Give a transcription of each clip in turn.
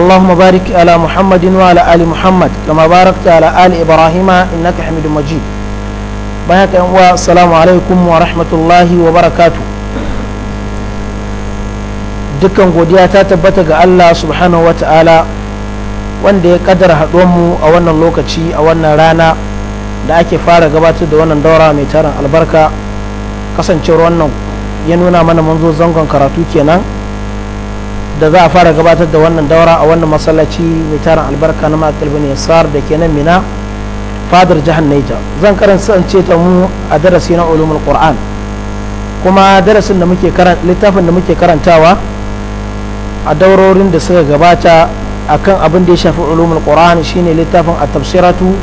اللهم بارك على محمد وعلى آل محمد كما باركت على آل إبراهيم إنك حميد مجيد بارك السلام عليكم ورحمة الله وبركاته dukkan godiya ta tabbata ga Allah subhanahu wa ta'ala wanda ya kadar kaddara mu a wannan lokaci a wannan rana da ake fara gabatar da wannan daura mai tarin albarka kasancewar wannan ya nuna mana mun zo zangon karatu kenan da za a fara gabatar da wannan daura a wannan masallaci mai taron albarka na makil bin yasar da ke nan mina fadar jihar Niger zan karanta ta mu a darasi na ulumul qur'an kuma darasin da muke karanta littafin da muke karantawa a daurorin da suka gabata akan abin da ya shafi ulumul qur'an shine littafin a tafsiratu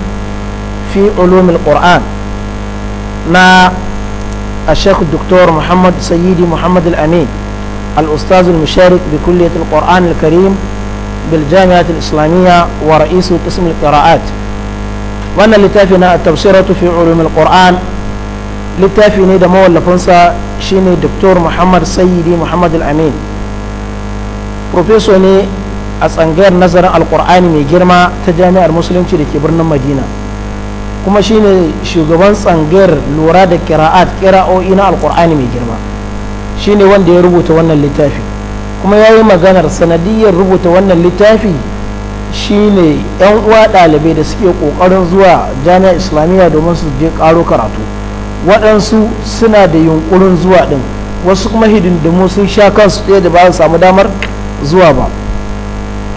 fi ulumul qur'an na الشيخ الدكتور محمد سيدي محمد الأمين الأستاذ المشارك بكلية القرآن الكريم بالجامعة الإسلامية ورئيس قسم القراءات وأنا لتافنا التبصرة في علوم القرآن لتافني دمو اللفنسا شيني دكتور محمد سيدي محمد الأمين بروفيسوني أسانجير نظر القرآن من جرما تجامع المسلم شركي برنا مدينة kuma shine shugaban tsangayar lura da kira'at kira'o'i na alkur'ani mai girma shine wanda ya rubuta wannan littafi kuma ya yi maganar sanadiyar rubuta wannan littafi shine yan uwa ɗalibai da suke kokarin zuwa jami'a islamiyya domin su je karo karatu waɗansu suna da yunƙurin zuwa ɗin wasu kuma hidindimu sun sha kansu ɗaya da ba su samu damar zuwa ba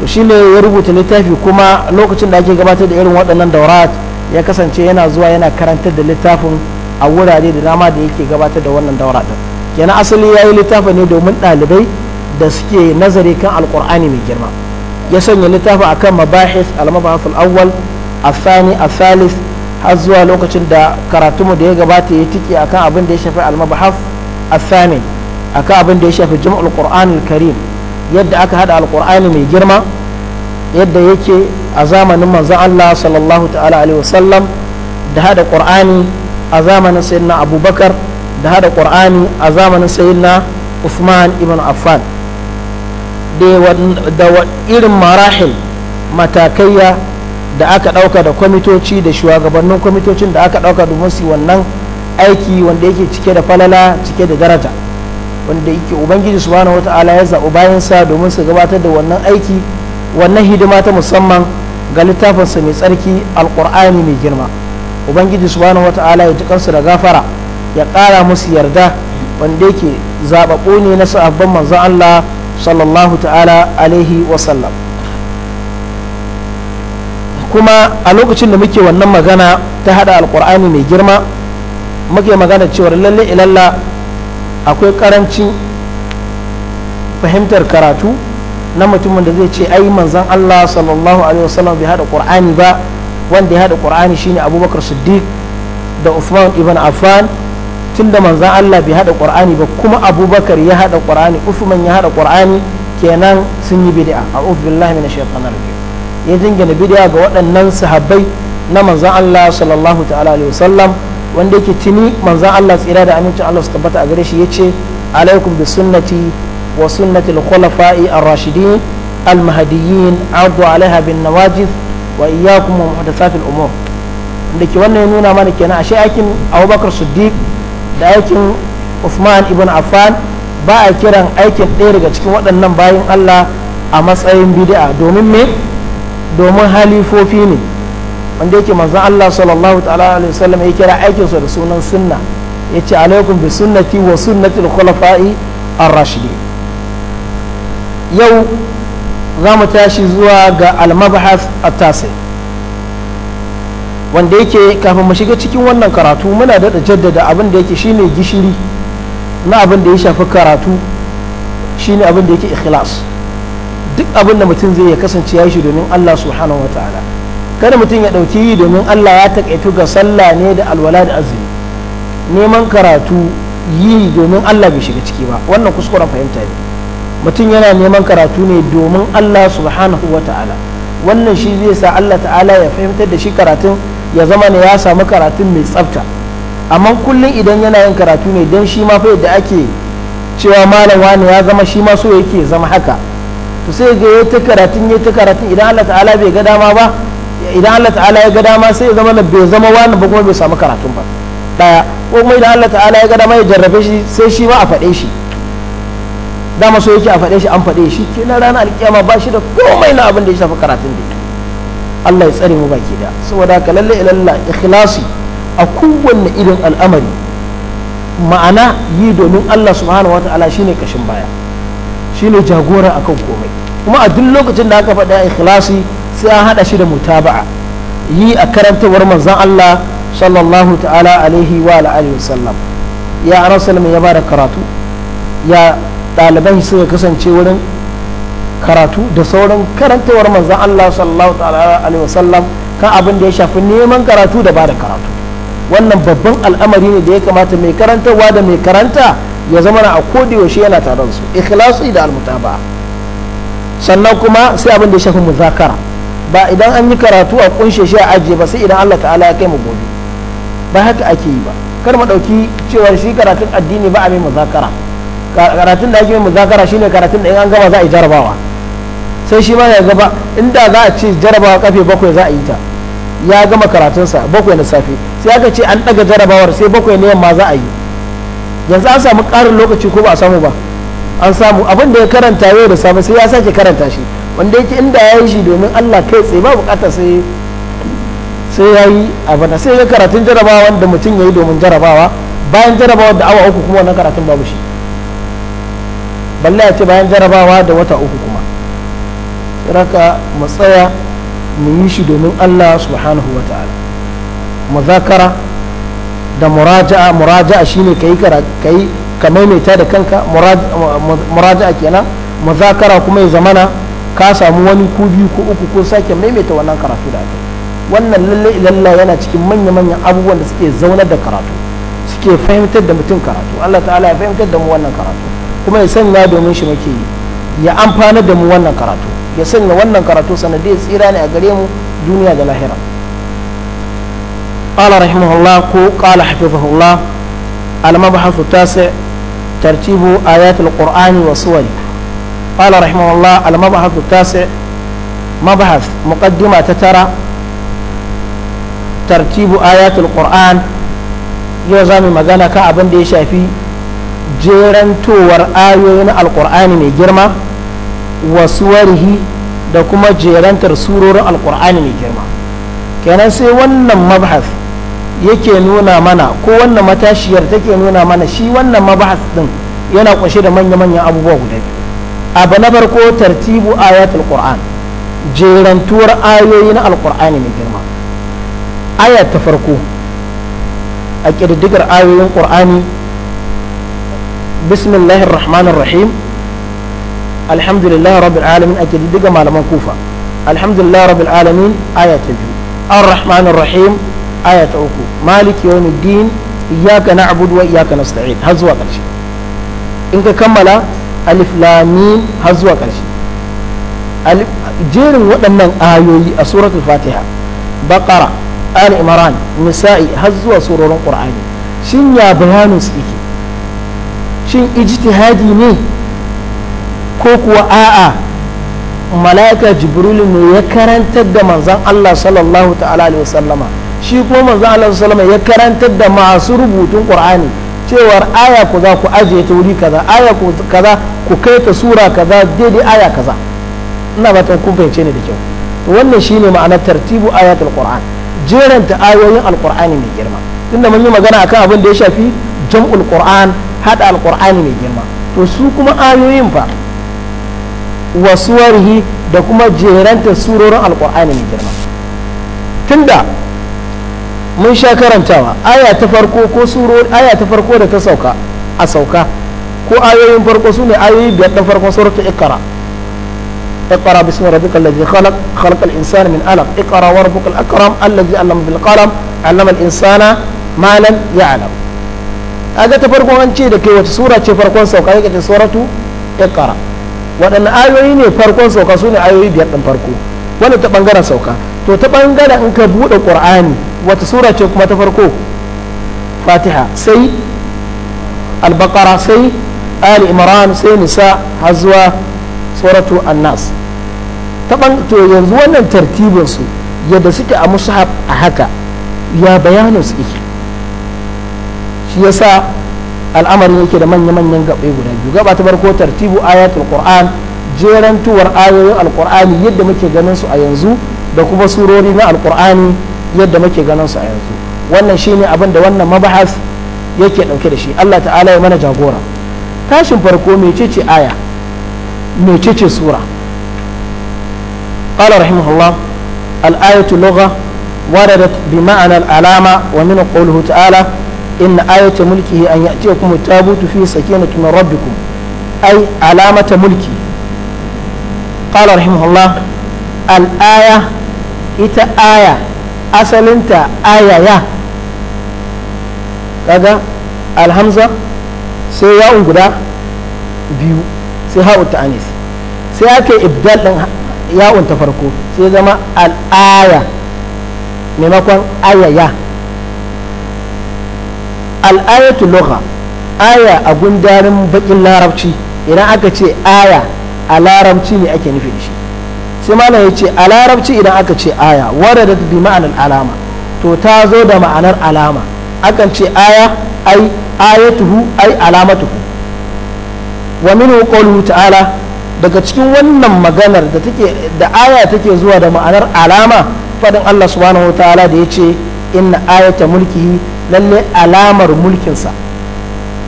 to shine ya rubuta littafi kuma lokacin da ake gabatar da irin waɗannan daura ya kasance yana zuwa yana karantar da littafin a wurare da dama da yake gabatar da wannan daura ɗin kenan asali ya yi littafi ne domin ɗalibai da suke nazari kan alkur'ani mai girma ya sanya littafi akan mabahis al-mabahis al-awwal الثاني الثالث har zuwa lokacin da karatunmu da ya gabata ya tike akan abin da ya shafi al-mabahaf al-thani akan abin da ya shafi jam'ul qur'an al-karim yadda aka hada al-qur'ani mai girma yadda yake a zamanin manzon Allah sallallahu ta'ala alaihi wasallam da hada qur'ani a zamanin sayyidina abubakar da hada qur'ani a zamanin sayyidina usman ibn Affan da irin marahil matakaiya da aka ɗauka da kwamitoci da shugabannin kwamitocin da aka ɗauka domin su wannan aiki wanda yake cike da falala cike da daraja wanda yake ubangiji subhanahu wata'ala ya zaɓi bayansa domin su gabatar da wannan aiki wannan hidima ta musamman ga littafinsa mai tsarki alƙur'ani mai girma ubangiji subhanahu wata'ala ya ji kansu da gafara ya ƙara musu yarda wanda yake zaɓaɓo ne na sahabban manzan Allah sallallahu ta'ala alaihi wasallam kuma a lokacin da muke wannan magana ta hada alkur'ani mai girma muke magana cewa lalle ilalla akwai karancin fahimtar karatu na mutumin da zai ce ai manzan Allah sallallahu alaihi wasallam bai hada qur'ani ba wanda ya hada qur'ani shine abubakar siddiq da Uthman ibn Affan tunda manzan Allah bai hada qur'ani ba kuma abubakar ya hada qur'ani usman ya hada qur'ani kenan sun yi bid'a a billahi minash ya dingina bid'a ga waɗannan sahabbai na manzan Allah sallallahu ta'ala alaihi wasallam wanda yake tuni manzan Allah tsira da amincin Allah su tabbata a gare shi yace alaikum bi sunnati wa sunnati al-khulafa'i ar-rashidin al-mahdiyyin adu alayha bin nawajid wa iyyakum wa muhdathatil umur wanda ke wannan ya nuna mana kenan ashe aikin Abubakar Siddiq da aikin Uthman ibn Affan ba a kiran aikin ɗaya daga cikin waɗannan bayan Allah a matsayin bid'a domin me domin halifofi ne wanda yake manzon Allah sallallahu ta'ala alaihi wasallam ya kira aikin sa da sunan sunna yace alaikum bi sunnati wa sunnati al-khulafa'i ar rashidi yau za mu tashi zuwa ga al mabhas at-tasi' wanda yake kafin mu shiga cikin wannan karatu muna daɗa jaddada abin da yake shine gishiri na abin da ya shafi karatu shine abin da yake ikhlas duk abin da mutum zai ya kasance ya shi domin Allah subhanahu wa ta'ala kada mutum ya ɗauki yi domin Allah ya taƙaitu ga sallah ne da alwala da azumi neman karatu yi domin Allah bai shiga ciki ba wannan kuskuren fahimta ne mutum yana neman karatu ne domin Allah subhanahu wa ta'ala wannan shi zai sa Allah ta'ala ya fahimtar da shi karatun ya zama ne ya samu karatun mai tsafta amma kullum idan yana yin karatu ne don shi ma fa ake cewa malam wani ya zama shi ma so yake zama haka to sai ga ya ta karatun ya ta karatun idan Allah ta'ala bai ga dama ba idan Allah ta'ala ya ga dama sai ya zama na bai zama wani ba kuma bai samu karatun ba daya ko kuma idan Allah ta'ala ya ga dama ya jarrabe shi sai shi ma a faɗe shi dama so yake a faɗe shi an faɗe shi kenan ranar alkiyama ba shi da komai na abin da ya shafi karatun da Allah ya tsare mu baki da saboda ka lalle ilalla ikhlasi a kowanne irin al'amari ma'ana yi domin Allah subhanahu wata'ala shine kashin baya shine jagora akan komai kuma a duk lokacin da aka faɗa ikhlasi sai an haɗa shi da mutaba'a yi a karantawar manzon Allah sallallahu ta'ala alaihi wa alihi wasallam ya mai ya bada karatu ya ɗalibai suka kasance wurin karatu da sauran karantawar manzan Allah sallallahu alaihi wasallam kan abin da ya shafi neman karatu da bada karatu wannan babban al'amari ne da ya kamata mai karantarwa da mai karanta ya zama na a yaushe yana tare da su ikhlasi da almutaba sannan kuma sai abin da ya shafi muzakara ba idan an yi karatu a kunshe shi a ajiye ba sai idan Allah ta'ala ya kai mu gobe ba haka ake yi ba kar mu dauki cewa shi karatun addini ba a mai muzakara karatun da ake mai muzakara shine karatun da in an gama za a yi jarabawa sai shi ma ya gaba inda za a ce jarabawa kafe bakwai za a yi ta ya gama karatunsa bakwai na safe sai aka ce an daga jarabawar sai bakwai na yamma za a yi yanzu an samu karin lokaci ko ba a samu ba an samu abin da ya karanta yau da safe sai ya sake karanta shi wanda yake inda ya yi shi domin Allah kai tsaye ba bukata sai sai ya yi abin sai ya karatun jarabawa wanda mutum ya yi domin jarabawa bayan jarabawa da awa uku kuma wannan karatun babu shi balle ya ce bayan jarabawa da wata uku raka mu tsaya mu yi shi domin Allah subhanahu wa ta'ala muzakara da muraja'a muraja'a shine kai kai ka maimaita da kanka muraja'a kenan muzakara kuma ya zamana ka samu wani ko biyu ko uku ko sake maimaita wannan karatu da aka wannan lalle ilalla yana cikin manya-manyan abubuwan da suke zaunar da karatu suke fahimtar da mutum karatu Allah ta'ala ya fahimtar da mu wannan karatu kuma ya sanya domin shi muke yi ya amfana da mu wannan karatu ya sanya wannan karatu sanadiyar tsira ne a gare mu duniya da lahira قال رحمه الله قال حفظه الله المبحث التاسع ترتيب آيات القرآن وصوره قال رحمه الله المبحث التاسع مبحث مقدمة تترى ترتيب آيات القرآن يوزامي مغانا كأبن دي شافي جيران تور آيوين القرآن من جرمه wa warihi da kuma jerantar surorin alkur'ani mai girma kenan sai wannan mabhas yake nuna mana ko wannan matashiyar take nuna mana shi wannan mabahas din yana kunshe da manya-manyan abubuwa guda biyu abu na farko tartibu ayat qur'an jerantuwar ayoyi na alkur'ani mai girma aya ta farko a ƙididdigar ayoyin ƙur'ani bismillahir rahim alhamdulillah rabbil alamin a diga malaman kufa alhamdulillah rabbil alamin aya ta biyu ar-rahman rahim aya ta uku maliki yawmiddin iyyaka na'budu wa iyyaka nasta'in har zuwa ƙarshe in ka kammala alif lam mim har zuwa jerin waɗannan ayoyi a suratul fatiha baqara ali imran nisa'i har zuwa surorin qur'ani shin ya bayanin su yake shin ijtihadi ne ko kuwa a'a mala'ika jibrilu ne ya karantar da manzan Allah sallallahu ta'ala alaihi wasallama shi kuma manzan Allah sallallahu alaihi ya karantar da masu rubutun qur'ani cewar aya ku za ku ajiye ta wuri kaza aya ku kaza ku kai ta sura kaza daidai aya kaza ina ba ta kun ne da kyau to wannan shine ma'anar tartibu ayatul qur'an jeranta ayoyin alqur'ani mai girma tunda mun yi magana akan abin da ya shafi jam'ul qur'an hada alqur'ani mai girma to su kuma ayoyin fa wasu warihi da kuma jeranta surorin alkur'ani mai girma tunda mun sha karantawa aya ta farko ko surori aya ta farko da ta sauka a sauka ko ayoyin farko su ne ayoyi biyar da farkon suratul ikra اقرا باسم ربك الذي خلق خلق الانسان من علق اقرا وربك الاكرم الذي علم بالقلم علم الانسان ما لم يعلم هذا تفرقون ان شيء لكي وتسوره تفرقون سوقا يكتب suratu ikara. waɗanne ayoyi ne farkon sauka su ne ayoyi biyar ɗin farko wanda ta ɓangaren sauka to ta ɓangaren in ka buɗe ƙur'ani wata sura ce kuma ta farko fatiha sai albakara sai ali imran sai nisa har zuwa suratu annas to yanzu wannan tartibin su yadda suke a mushaf a haka ya bayanin su shi yasa al'amarin yake da manya-manyan gaɓe guda biyu gaba ta barko tartibu ayatul qur'an tuwar ayoyin alqur'ani yadda muke ganin su a yanzu da kuma surori na alqur'ani yadda muke ganin su a yanzu wannan shine abin da wannan mabahas yake dauke da shi Allah ta'ala ya mana jagora tashin farko mecece aya mecece sura qala rahimahullah al-ayatu lugha waradat bi ma'ana al-alama wa min qawlihi ta'ala إن آية ملكه أن يأتيكم التابوت فيه سكينة من ربكم أي علامة ملكه قال رحمه الله الآية إتا آية أصل أنت آية يا alhamza sai yawon guda biyu sai ha'un ta anis sai aka ibdal din yawon ta farko sai zama al'aya maimakon ayaya al'ayatu lugha aya a gundarin bakin larabci idan aka ce aya a larabci ne ake nufi da shi sai malam ya ce a larabci idan aka ce aya waradat bi ma'anar alama to ta zo da ma'anar alama akan ce aya ai ayatuhu ai alamatuhu wa minhu qawluhu ta'ala daga cikin wannan maganar da take da aya take zuwa da ma'anar alama fadin Allah subhanahu ta'ala da ya yace inna ayata mulkihi lalle alamar mulkinsa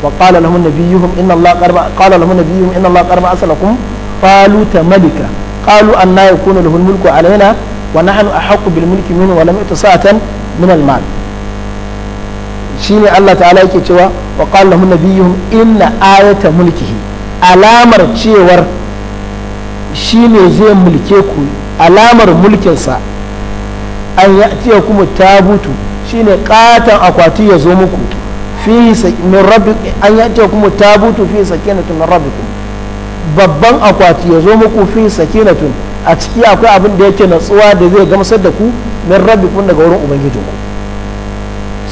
wa qala lahum nabiyuhum inna Allah qarba qala lahum nabiyuhum inna Allah qarba asalakum qalu ta malika qalu anna yakunu lahu mulku alaina wa nahnu ahaqqu bil mulki minhu wa lam yu'ta sa'atan min al mal shine Allah ta'ala yake cewa wa qala lahum nabiyuhum inna ayata mulkihi alamar cewar shine zai mulke ku alamar mulkinsa an ya kuma tabutu shine katon akwati ya zo muku fi min rabbikum an yati kuma tabutu fi sakinatun min rabbikum babban akwati ya zo muku fi sakinatun a ciki akwai abin da yake natsuwa da zai gamsar da ku min rabbikum daga wurin ubangijinku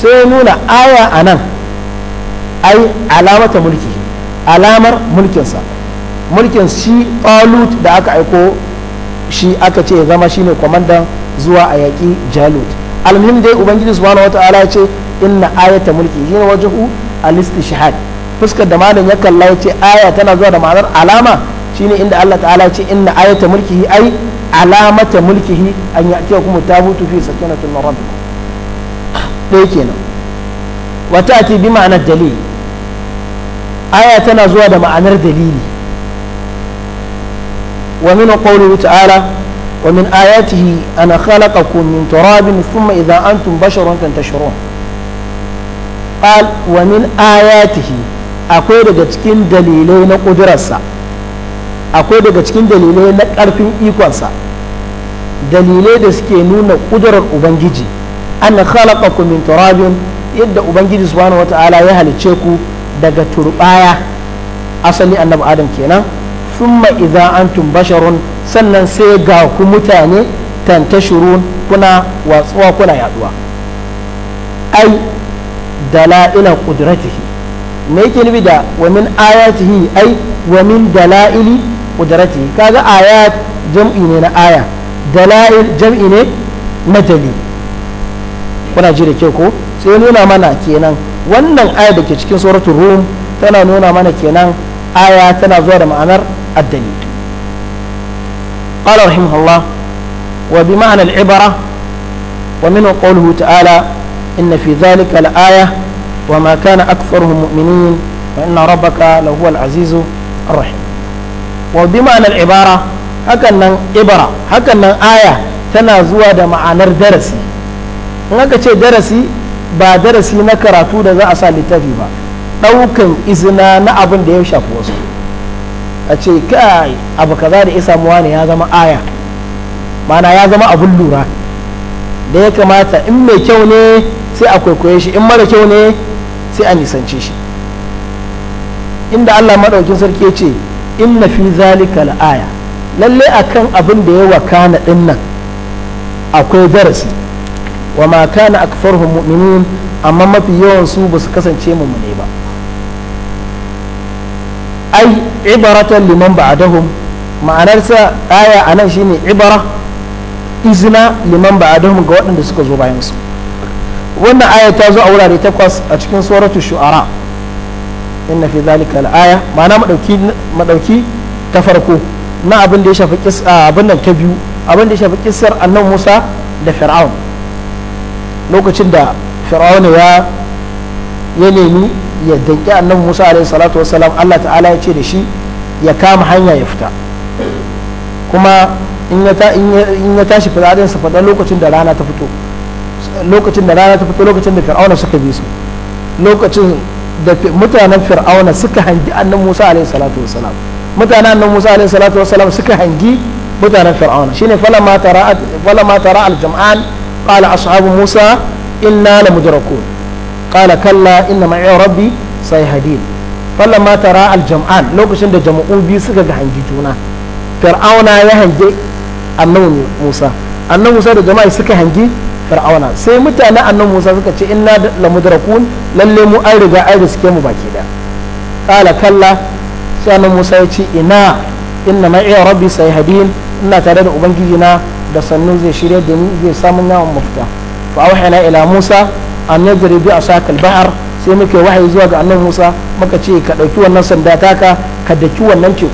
sai nuna aya anan ai alamata mulki alamar mulkinsa mulkin shi talut da aka aiko shi aka ce ya zama shine kwamandan zuwa a yaƙi jalut almuhim dai ubangiji subhanahu wataala ya ce inna ayata mulki shine wajhu al-istishhad fuskar da malam ya kalla ya ce aya tana zuwa da ma'anar alama shine inda Allah ta'ala ya ce inna ayata mulkihi ai alamata mulkihi an ya'tiya kuma tabutu fi sakinatin min rabbikum dai kenan wata ta'ti bi ma'anar dalili aya tana zuwa da ma'anar dalili wa min qawlihi ta'ala ومن آياته أنا خلقكم من تراب ثم إذا أنتم بشر تنتشرون قال ومن آياته akwai daga cikin dalilai na ƙudurarsa akwai daga cikin dalilai na ƙarfin ikonsa dalilai da suke nuna ƙudurar ubangiji an khalaqa ku min turabin yadda ubangiji subhanahu wata'ala ya halice ku daga turbaya asali annabi adam kenan thumma idza antum basharun sannan sai ga ku mutane tantashurun kuna watsuwa kuna yaduwa ai dala'ila qudratihi me yake nufi da wa min ayatihi ai wa min dala'ili qudratihi kaga ayat jam'i ne na aya dala'il jam'i ne na dali kuna ji da kyau ko sai nuna mana kenan wannan aya da ke cikin suratul rum tana nuna mana kenan aya tana zuwa da ma'anar addali قال رحمه الله وبمعنى العبرة ومنه قوله تعالى إن في ذلك لآية وما كان أكثرهم مؤمنين وإن ربك لهو العزيز الرحيم وبمعنى العبارة هكذا عبرة هكذا آية تنازوا دا معنى درسي هناك شيء درسي ba darasi na karatu da za a sa littafi ba ɗaukan izina na abin da ya shafi wasu a ce kai abu kaza da ya muwa ne ya zama aya mana ya zama abun lura da ya kamata in mai kyau ne sai a kwaikwaye shi in mara kyau ne sai a nisance shi inda Allah maɗaukin sarki ya ce inna fi zalika la'aya lalle akan abin da ya wakana din nan akwai darasi wa ma kana akfarhum mu'minin amma mafi yawan su ba su kasance mu'min ibaratan liman ba'dahum ma'anarsa aya anan shine ibara izina liman ba'dahum ga waɗanda suka zo bayan su wannan aya ta zo a wurare takwas a cikin suratu shu'ara inna fi zalika al-aya ma'ana madauki madauki ta farko na abin da ya shafi kissa abin nan ta biyu abin da ya shafi kissar annabi Musa da Fir'aun lokacin da Fir'aun ya ya nemi ya danki annabi Musa alaihi salatu salam Allah ta'ala ya ce da shi ya kama hanya ya fita kuma in ya tashi fitsarin sa faɗa lokacin da rana ta fito lokacin da rana ta fito lokacin da fir'auna suka bi su lokacin da mutanen fir'auna suka hangi annan musa alaihi salatu wasalam mutanen annan musa alaihi salatu wasalam suka hangi mutanen fir'auna shine falamma tara falamma tara al-jam'an qala ashabu musa inna la qala kalla inna ma'a rabbi sayhadin falamma tara al-jam'an lokacin da jama'u biyu suka ga hangi juna fir'auna ya hange annabi Musa annabi Musa da jama'a suka hangi fir'auna sai mutane annabi Musa suka ce inna la mudrakun lalle mu an riga an riske mu baki da qala kalla sai annabi Musa ya ce ina inna ma'a rabbi sayhadin ina tare da ubangiji na da sannu zai shirya da ni zai samu yawan mafita fa auhayna ila Musa annan jaridu a sakal bahar sai muke wahayi zuwa ga annabi Musa muka ce ka ɗauki wannan sanda taka ka daki wannan teku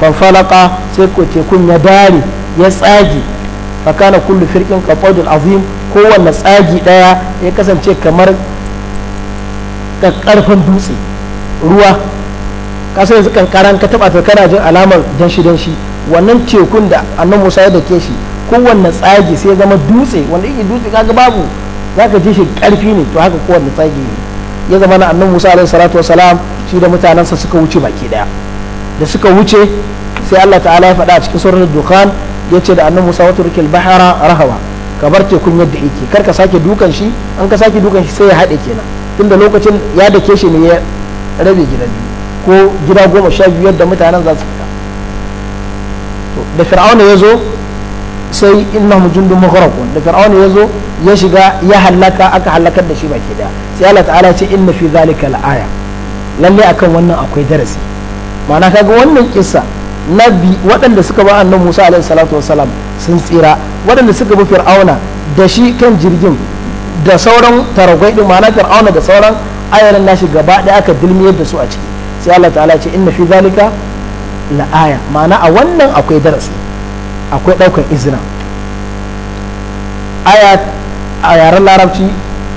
fanfalaka sai ko tekun ya dare ya tsagi fakana kullu firqin qaqadul azim kowanne tsagi daya ya kasance kamar karfin dutse ruwa kasar yanzu kankaran ka taba to kana jin alamar danshi danshi wannan tekun da annan musa ya dake shi kowanne tsagi sai zama dutse wanda yake dutse kaga babu za ka ji shi ƙarfi ne to haka kowanne tsagi ne ya zama na annan musa alaihi salatu wa salam shi da mutanensa suka wuce baki daya da suka wuce sai allah ta'ala ya faɗa a cikin sauran dukan ya ce da annan musa wata rikil bahara rahawa ka bar tekun yadda yake kar ka sake dukan shi an ka sake dukan shi sai ya haɗe kenan tunda lokacin ya dake shi ne ya rabe gida biyu ko gida goma sha biyu yadda mutanen za su fita da fir'auna ya zo sai innahum jundun mughraqun da fir'auna yazo ya shiga ya halaka aka halakar da shi baki daya sai Allah ta'ala ce inna fi zalika la'aya lalle akan wannan akwai darasi ma'ana kaga wannan kissa nabi waɗanda suka ba annabi Musa alaihi salatu wasalam sun tsira waɗanda suka bi fir'auna da shi kan jirgin da sauran taragwai din ma'ana fir'auna da sauran ayaran nashi gaba ɗaya aka dilmiyar da su a ciki sai Allah ta'ala ce inna fi zalika la'aya ma'ana a wannan akwai darasi akwai ɗaukan izina a yaren larabci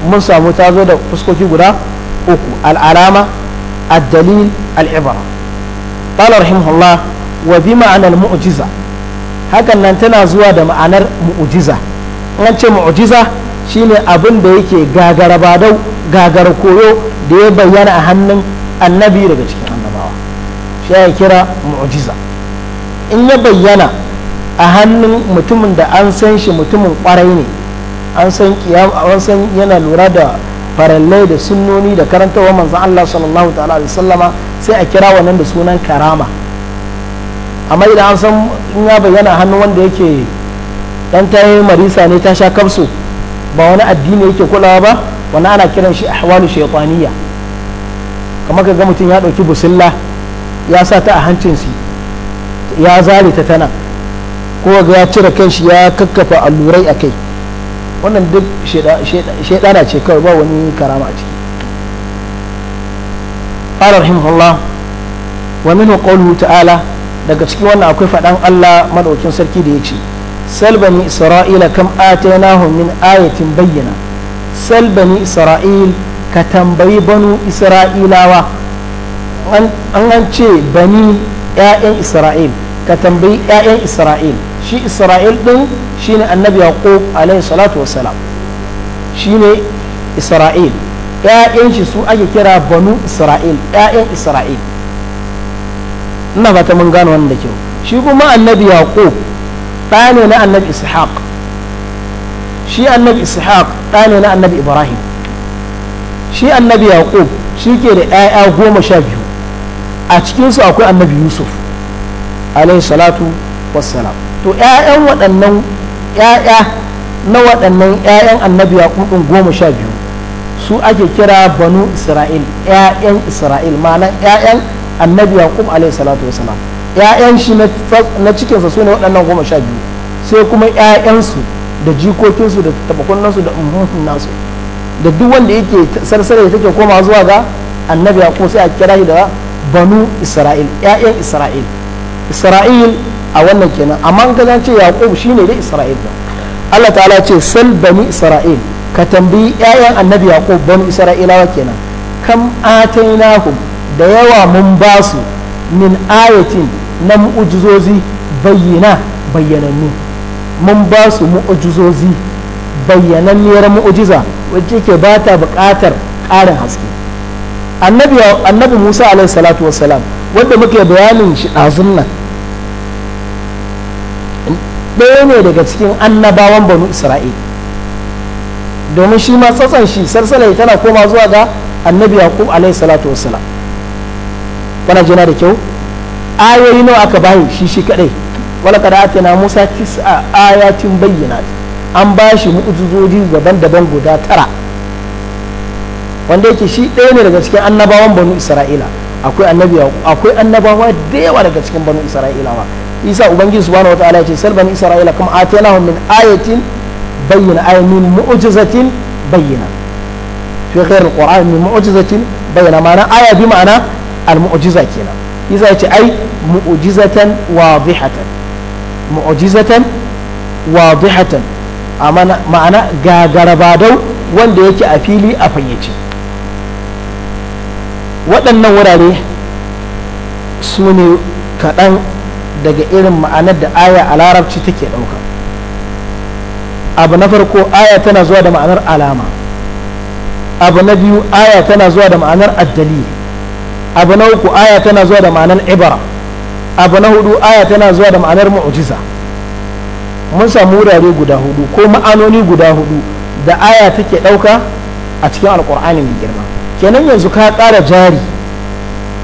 mun samu ta zo da fuskoki guda uku al'alama الدليل العبرة قال رحمه الله ma'anar mu'ujiza hakan nan tana zuwa da ma'anar mu'ujiza an ce mu'ujiza shine abin da yake gagara badau gagara koyo da ya bayyana a hannun annabi daga cikin annabawa shi ya kira mu'ujiza in ya bayyana a hannun mutumin da an san shi mutumin kwarai ne an san yana lura da farallai da sunnoni da karantarwa manzan Allah sallallahu ta'ala da sallama sai a kira wannan da sunan karama amma idan an san in ya bayyana hannun wanda yake dan ta yi marisa ne ta sha kamsu ba wani addini yake kulawa ba wani ana kiran shi ahwalu shaytaniya kamar ka ga mutum ya dauki busilla ya sa ta a hancinsi ya zare ta tana ko ga ya cire kanshi ya kakkafa allurai a kai wannan duk shaidana ce kawai ba wani karama a ciki ƙarar رحمه wa minu ta'ala daga cikin wannan akwai faɗan Allah maɗaukin sarki da ya ce salbani isra'ila kam yana min ayatin bayyana salbani isra'il ka tambayi banu isra'ilawa an an ce bani 'ya'yan isra'il ka tambayi 'ya'yan isra'il shi isra'il din shine annabi yaqub alaihi salatu wassalam shine isra'il ƴaƴan shi su ake kira banu isra'il ƴaƴan isra'il ina fata mun gano wannan da kyau shi kuma annabi yaqub ɗa ne na annabi ishaq shi annabi ishaq ɗa ne na annabi ibrahim shi annabi yaqub shi ke da ƴaƴa goma sha biyu a cikinsu akwai annabi yusuf alaihi salatu wassalam to ƴaƴan waɗannan ƴaƴa na waɗannan ƴaƴan annabi yaqub goma sha biyu su ake kira banu isra'il ƴaƴan isra'il ma'ana ƴaƴan annabi yaqub alaihi salatu wasalam ƴaƴan shi na cikinsa su ne waɗannan goma sha biyu sai kuma ƴaƴansu da jikokinsu da tabakunansu da umhun nasu da duk wanda yake sarsare ya take koma zuwa ga annabi yaqub sai a kira shi da banu isra'il ƴaƴan isra'il isra'il a wannan kenan amma ga zan ce yaqub shine da isra'il Allah ta'ala ce sal bani isra'il ka tambayi ƴaƴan annabi yaqub bani isra'ilawa kenan kam atainahum da yawa mun ba su min ayatin na mu'ujizozi bayyana bayyananni mun ba su mu'ujizozi bayyananniyar mu'ujiza wacce ke ba ta buƙatar ƙarin haske annabi musa alaihi salatu wassalam wanda muke bayanin shi ɗazun nan ɗaya ne daga cikin annabawan banu isra'il domin shi ma tsatsan shi sarsalai tana koma zuwa ga annabi yaqub alaihi salatu wassalam kana jina da kyau ayoyi nawa aka bayi shi shi kadai wala kada atina musa tis'a ayatin bayyana an ba shi mu'ujizodi daban-daban guda tara wanda yake shi ɗaya ne daga cikin annabawan banu isra'ila akwai annabawa da yawa daga cikin banu isra'ilawa isa ubangiji subhanahu ta'ala ya ce sal bani isra'ila kuma atainahum min ayatin bayyana ay min mu'jizatin bayyana fi ghair alquran min mu'jizatin bayyana ma'ana aya bi ma'ana almu'jiza kenan isa ya ce ai mu'jizatan wadihatan mu'jizatan wadihatan ma'ana gagarabadau wanda yake a fili a fayyace waɗannan wurare su ne kaɗan daga irin ma'anar da aya a larabci take ɗauka abu na farko aya tana zuwa da ma'anar alama abu na biyu aya tana zuwa da ma'anar addali abu na uku aya tana zuwa da ma'anar ibara abu na hudu aya tana zuwa da ma'anar mu'jiza mun samu wurare guda hudu ko ma'anoni guda hudu da aya take ɗauka a cikin alƙur'ani mai girma kenan yanzu ka ƙara jari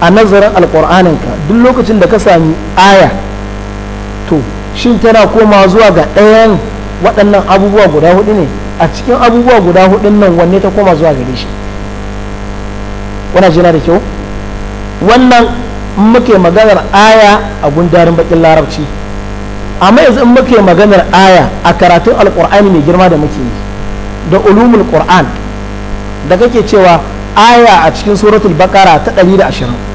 a nazarin alƙur'aninka duk lokacin da ka sami aya to shin tana koma zuwa ga ɗayan waɗannan abubuwa guda hudu ne a cikin abubuwa guda hudu nan wanne ta koma zuwa gare shi wana jina da kyau wannan muke maganar aya a gundarin bakin larabci amma yanzu muke maganar aya a karatun Alƙur'ani mai girma da muke yi da ulumul qur'an da kake cewa aya a cikin suratul baqara ta 120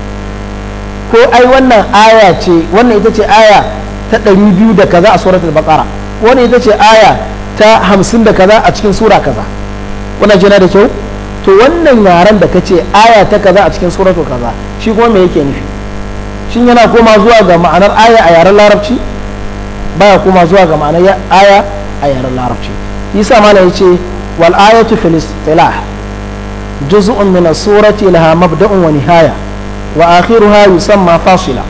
ko ai wannan aya ce wannan ita ce aya ta ɗari biyu da kaza a suratul baqara wannan ita ce aya ta hamsin da kaza a cikin sura kaza wannan jina da kyau to wannan yaren da kace aya ta kaza a cikin suratul kaza shi kuma me yake nufi shin yana koma zuwa ga ma'anar aya a yaren larabci baya koma zuwa ga ma'anar aya a yaren larabci yasa malam yace wal ayatu fil istilah juz'un min as-surati laha mabda'un wa haya. وآخرها يسمى فاصلة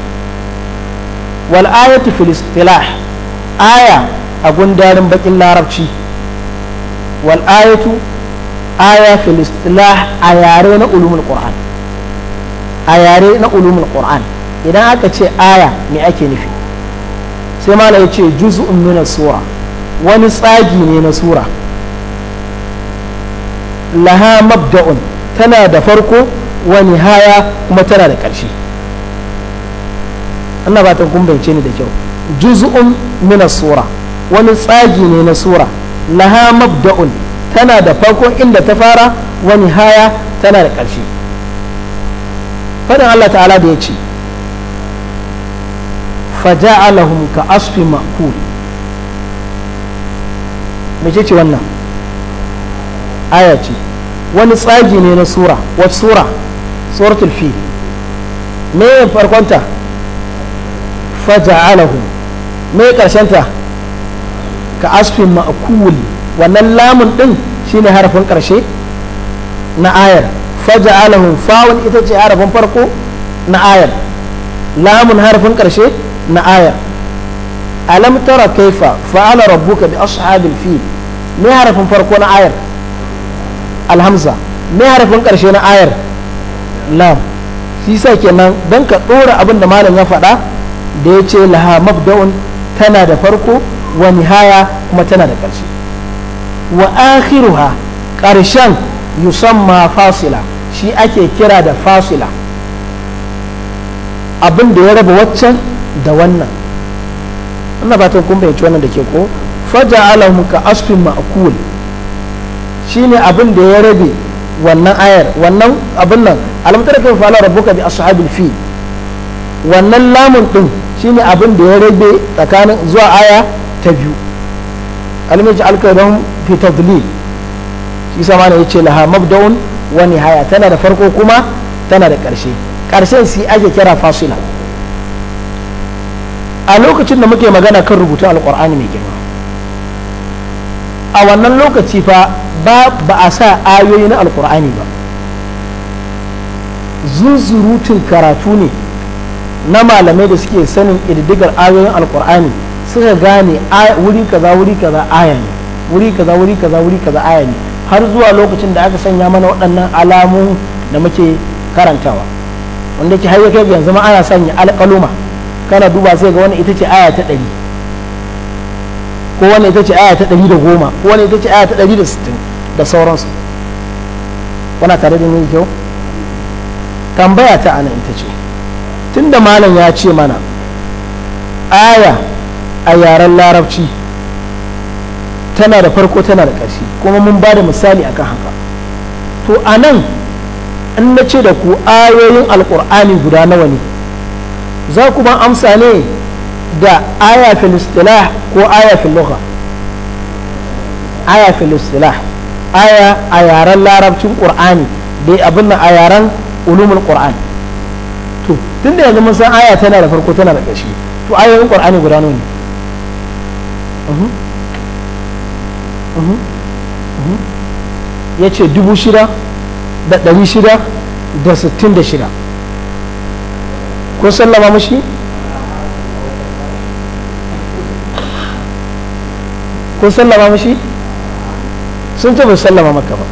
والآية في الاصطلاح آية أقول دارم بك إلا ربشي والآية آية في الاصطلاح أيارين علوم القرآن أيارين علوم القرآن إذا أكتش آية مئة نفي سيما لا يتشي جزء من السورة ونساجي من السورة laha mabda'un tana da farko wa nihaya kuma tana da ƙarshe ana ba ta kumbance ni da kyau juz'un min sura wani tsagi ne na sura laha mabda'un tana da farko inda ta fara wa nihaya tana da ƙarshe fadin Allah ta'ala da ya ce faja'alahum ka asfi ma'kul mece ce wannan aya ce wani tsagi ne na sura wata sura suratul fi me farkonta faja'alahum me karshenta ka asfin ma'akul wannan lamun din shine harafin karshe na ayar faja'alahum fa'un ita ce harafin farko na ayar lamun harafin karshe na ayar alam tara kaifa fa'ala rabbuka bi ashabil fil me harafin farko na ayar alhamza me harafin karshe na ayar na shi sa kenan don ka dora abin da malam ya faɗa da ya ce laha mabda'un tana da farko wa nihaya kuma tana da ƙarshe wa akhiruha ƙarshen yusamma fasila shi ake kira da fasila abin da ya raba waccan da wannan ina fatan kun bayyace wannan da ke ko faja'alahum ka asfin ma'kul shine abin da ya rabe wannan ayar wannan abin nan alamtar kai fa'ala rabbuka bi ashabil fi wannan lamun din shine abin da ya rage tsakanin zuwa aya ta biyu almiji alkaidon fi tadlil shi sama ne yace laha mabda'un wa nihaya tana da farko kuma tana da karshe karshen si ake kira fasila a lokacin da muke magana kan rubutun alkur'ani mai girma a wannan lokaci fa ba a sa ayoyi na alkur'ani ba zuzurutun karatu ne na malamai da suke sanin ƙididdigar ayoyin alkur'ani suka gane wuri kaza wuri kaza aya ne wuri kaza wuri kaza wuri kaza aya ne har zuwa lokacin da aka sanya mana waɗannan alamun da muke karantawa wanda ke hayyaka yanzu ma ana sanya alƙaluma kana duba sai ga wani ita ce aya ta ɗari ko wani ita ce aya ta ɗari da goma ko wani ita ce aya ta ɗari da sittin da sauransu wana tare da ni kyau tambaya ta ana ita ce tunda malam ya ce mana aya a yaren larabci tana da farko tana da ƙarshe kuma mun ba da misali akan haka to a nan in na ce da ku ayoyin alƙur'ani guda nawa ne za ku ban amsa ne da aya fil ko aya fil aya aya a yaren larabcin da dai abin nan a yaren ulumul ƙur'ani to tunda yanzu mun san aya tana da farko tana da ƙarshe to ayoyin ƙur'ani guda nuni ya ce dubu shida da ɗari shida da sittin da shida ko sallama mashi ko sallama mashi sun ce bai sallama maka ba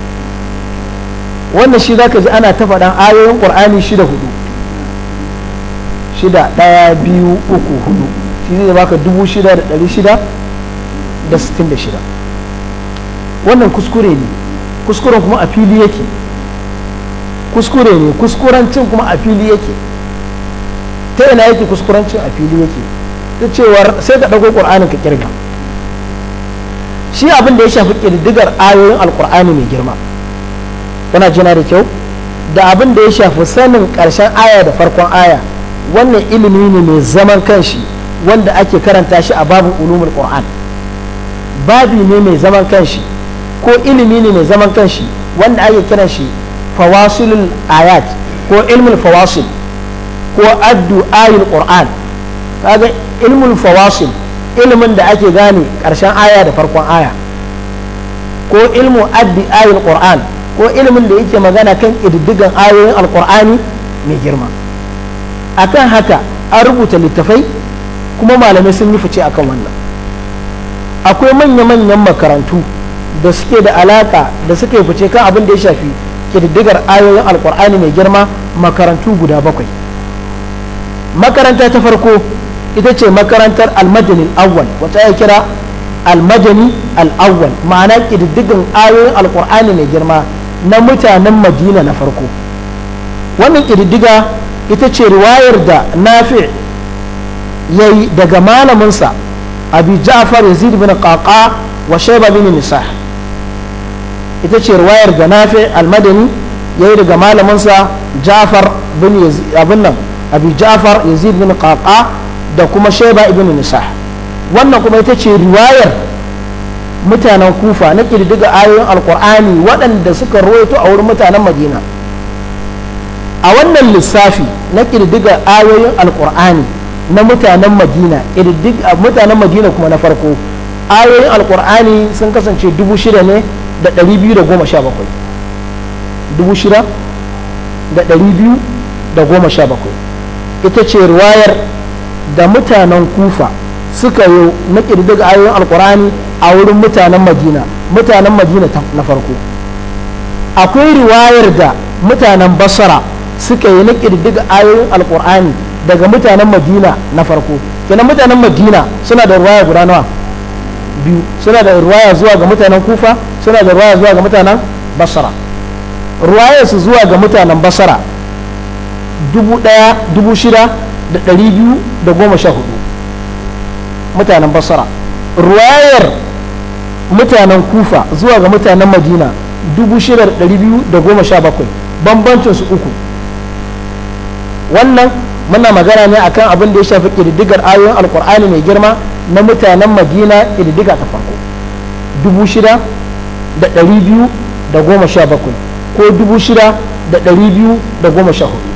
wannan shi za ka ji ana ta faɗan ayoyin ƙur'ani shida hudu shida ɗaya biyu uku hudu shi zai baka dubu shida da ɗari shida da sittin da shida wannan kuskure ne kuskuren kuma a fili yake kuskure ne kuskurancin kuma a fili yake ta ina yake kuskurancin a fili yake ta cewar sai ka ɗago ƙur'anin ka kirga shi abin da ya shafi ƙididdigar ayoyin alkur'ani mai girma kuna jina da kyau da abin da ya shafi sanin ƙarshen aya da farkon aya wannan ilimi ne mai zaman kanshi wanda ake karanta shi a babin ulumul qur'an babi ne mai zaman kanshi ko ilimi ne mai zaman kanshi wanda ake kiran shi fawasilul ayat ko ilmul fawasil ko ayul qur'an kaga ilmul fawasil ilimin da ake gane ƙarshen aya da farkon aya ko ilmu addi ayin qur'an ko ilimin da yake magana kan ƙididdigan ayoyin alƙur'ani mai girma akan haka an rubuta littafai kuma malamai sun yi fice akan wannan akwai manya-manyan makarantu da suke da alaka da suke fice kan abin da ya shafi ƙididdigar ayoyin alƙur'ani mai girma makarantu guda bakwai makaranta ta farko ita ce makarantar almadani awwal wata ya kira almadani al'awwal ma'ana ƙididdigan ayoyin alƙur'ani mai girma na mutanen madina na farko wannan ƙididdiga ita ce riwayar da nafi ya yi daga malaminsa abu ja'far yazid bin qaqa wa sheba bin nisa ita ce riwayar da nafi almadani ya yi daga malaminsa ja'far bin abin nan abu ja'far yazid bin qaqa da kuma Sheba ibn nisa wannan kuma ita ce riwayar mutanen kufa na ƙididdiga ayoyin alkur'ani waɗanda suka rawaito a wurin mutanen madina a wannan lissafi na ƙididdiga ayoyin alkur'ani na mutanen madina mutanen madina kuma na farko ayoyin alkur'ani sun kasance dubu shida ne da ɗari biyu da goma sha bakwai dubu shida da ɗari biyu da goma sha bakwai ita ce riwayar da mutanen kufa suka yi na ƙididdiga ayoyin alkurani a wurin mutanen madina mutanen madina na farko akwai riwayar da mutanen basara suka yi na ƙididdiga ayoyin alkur'ani daga mutanen madina na farko kenan mutanen madina suna da ruwaya guda nawa biyu suna da ruwaya zuwa ga mutanen kufa suna da ruwaya zuwa ga mutanen basara ruwayarsu zuwa ga mutanen basara dubu ɗaya dubu shida da ɗari biyu da goma sha hudu mutanen basara ruwayar mutanen kufa zuwa ga mutanen madina dubu shida da ɗari biyu da goma sha bakwai bambancin su uku wannan muna magana ne akan abin da ya shafi ƙididdigar ayoyin alkur'ani mai girma na mutanen madina ƙididdiga ta farko dubu shida da ɗari biyu da goma sha bakwai ko dubu shida da ɗari biyu da goma sha hudu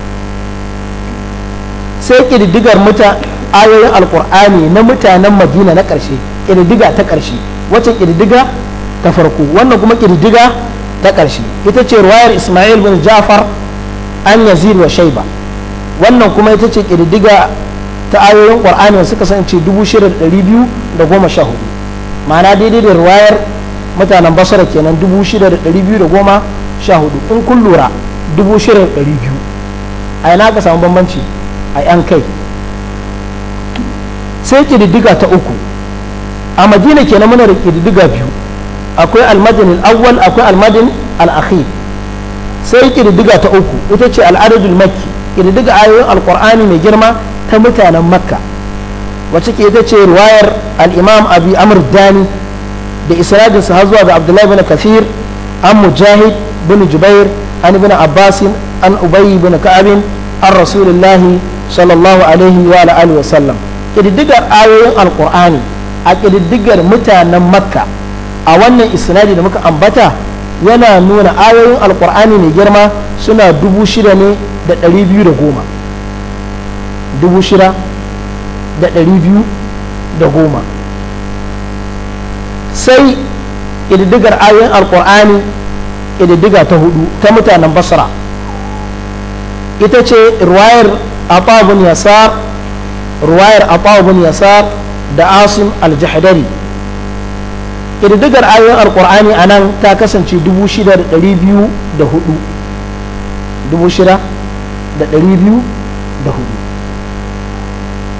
sai ƙididdigar muta ayoyin alƙur'ani na mutanen madina na ƙarshe ƙididdiga ta ƙarshe wacce ƙididdiga ta farko wannan kuma ƙididdiga ta ƙarshe ita ce ruwayar ismail bin jafar an yazid wa shaiba wannan kuma ita ce ƙididdiga ta ayoyin ƙur'ani da suka sance dubu shida ɗari biyu da goma sha hudu ma'ana daidai da ruwayar mutanen basara kenan dubu shida da ɗari biyu da goma sha hudu in kun lura dubu shida ɗari biyu a yana ka samu bambanci a 'yan kai sai ƙididdiga ta uku a madina kenan muna da ƙididdiga biyu akwai almadin al'awwal akwai almadin al'akhir sai ƙididdiga ta uku ita ce al'adadul makki ƙididdiga ayoyin alƙur'ani mai girma ta mutanen makka wacce ke ita ce ruwayar al'imam abi amr dani da isnadin sa zuwa ga abdullahi bin kafir an mujahid bin jubair an ibn abbasin an ubayy bin ka'abin an rasulullahi sallallahu alaihi wa alihi wa sallam kididdigar ayoyin alqur'ani a kididdigar mutanen makka a wannan isnadi da muka ambata yana nuna ayoyin alqur'ani mai girma suna dubu shida ne da ɗari biyu da goma dubu shida da ɗari biyu da goma sai kididdigar ayoyin alƙur'ani kididdiga ta hudu ta mutanen basra ita ce ruwayar ata bin yasar ruwayar ata bin yasar da asim al-jahdari ƙididdigar ayoyin alkur'ani a nan ta kasance 6,204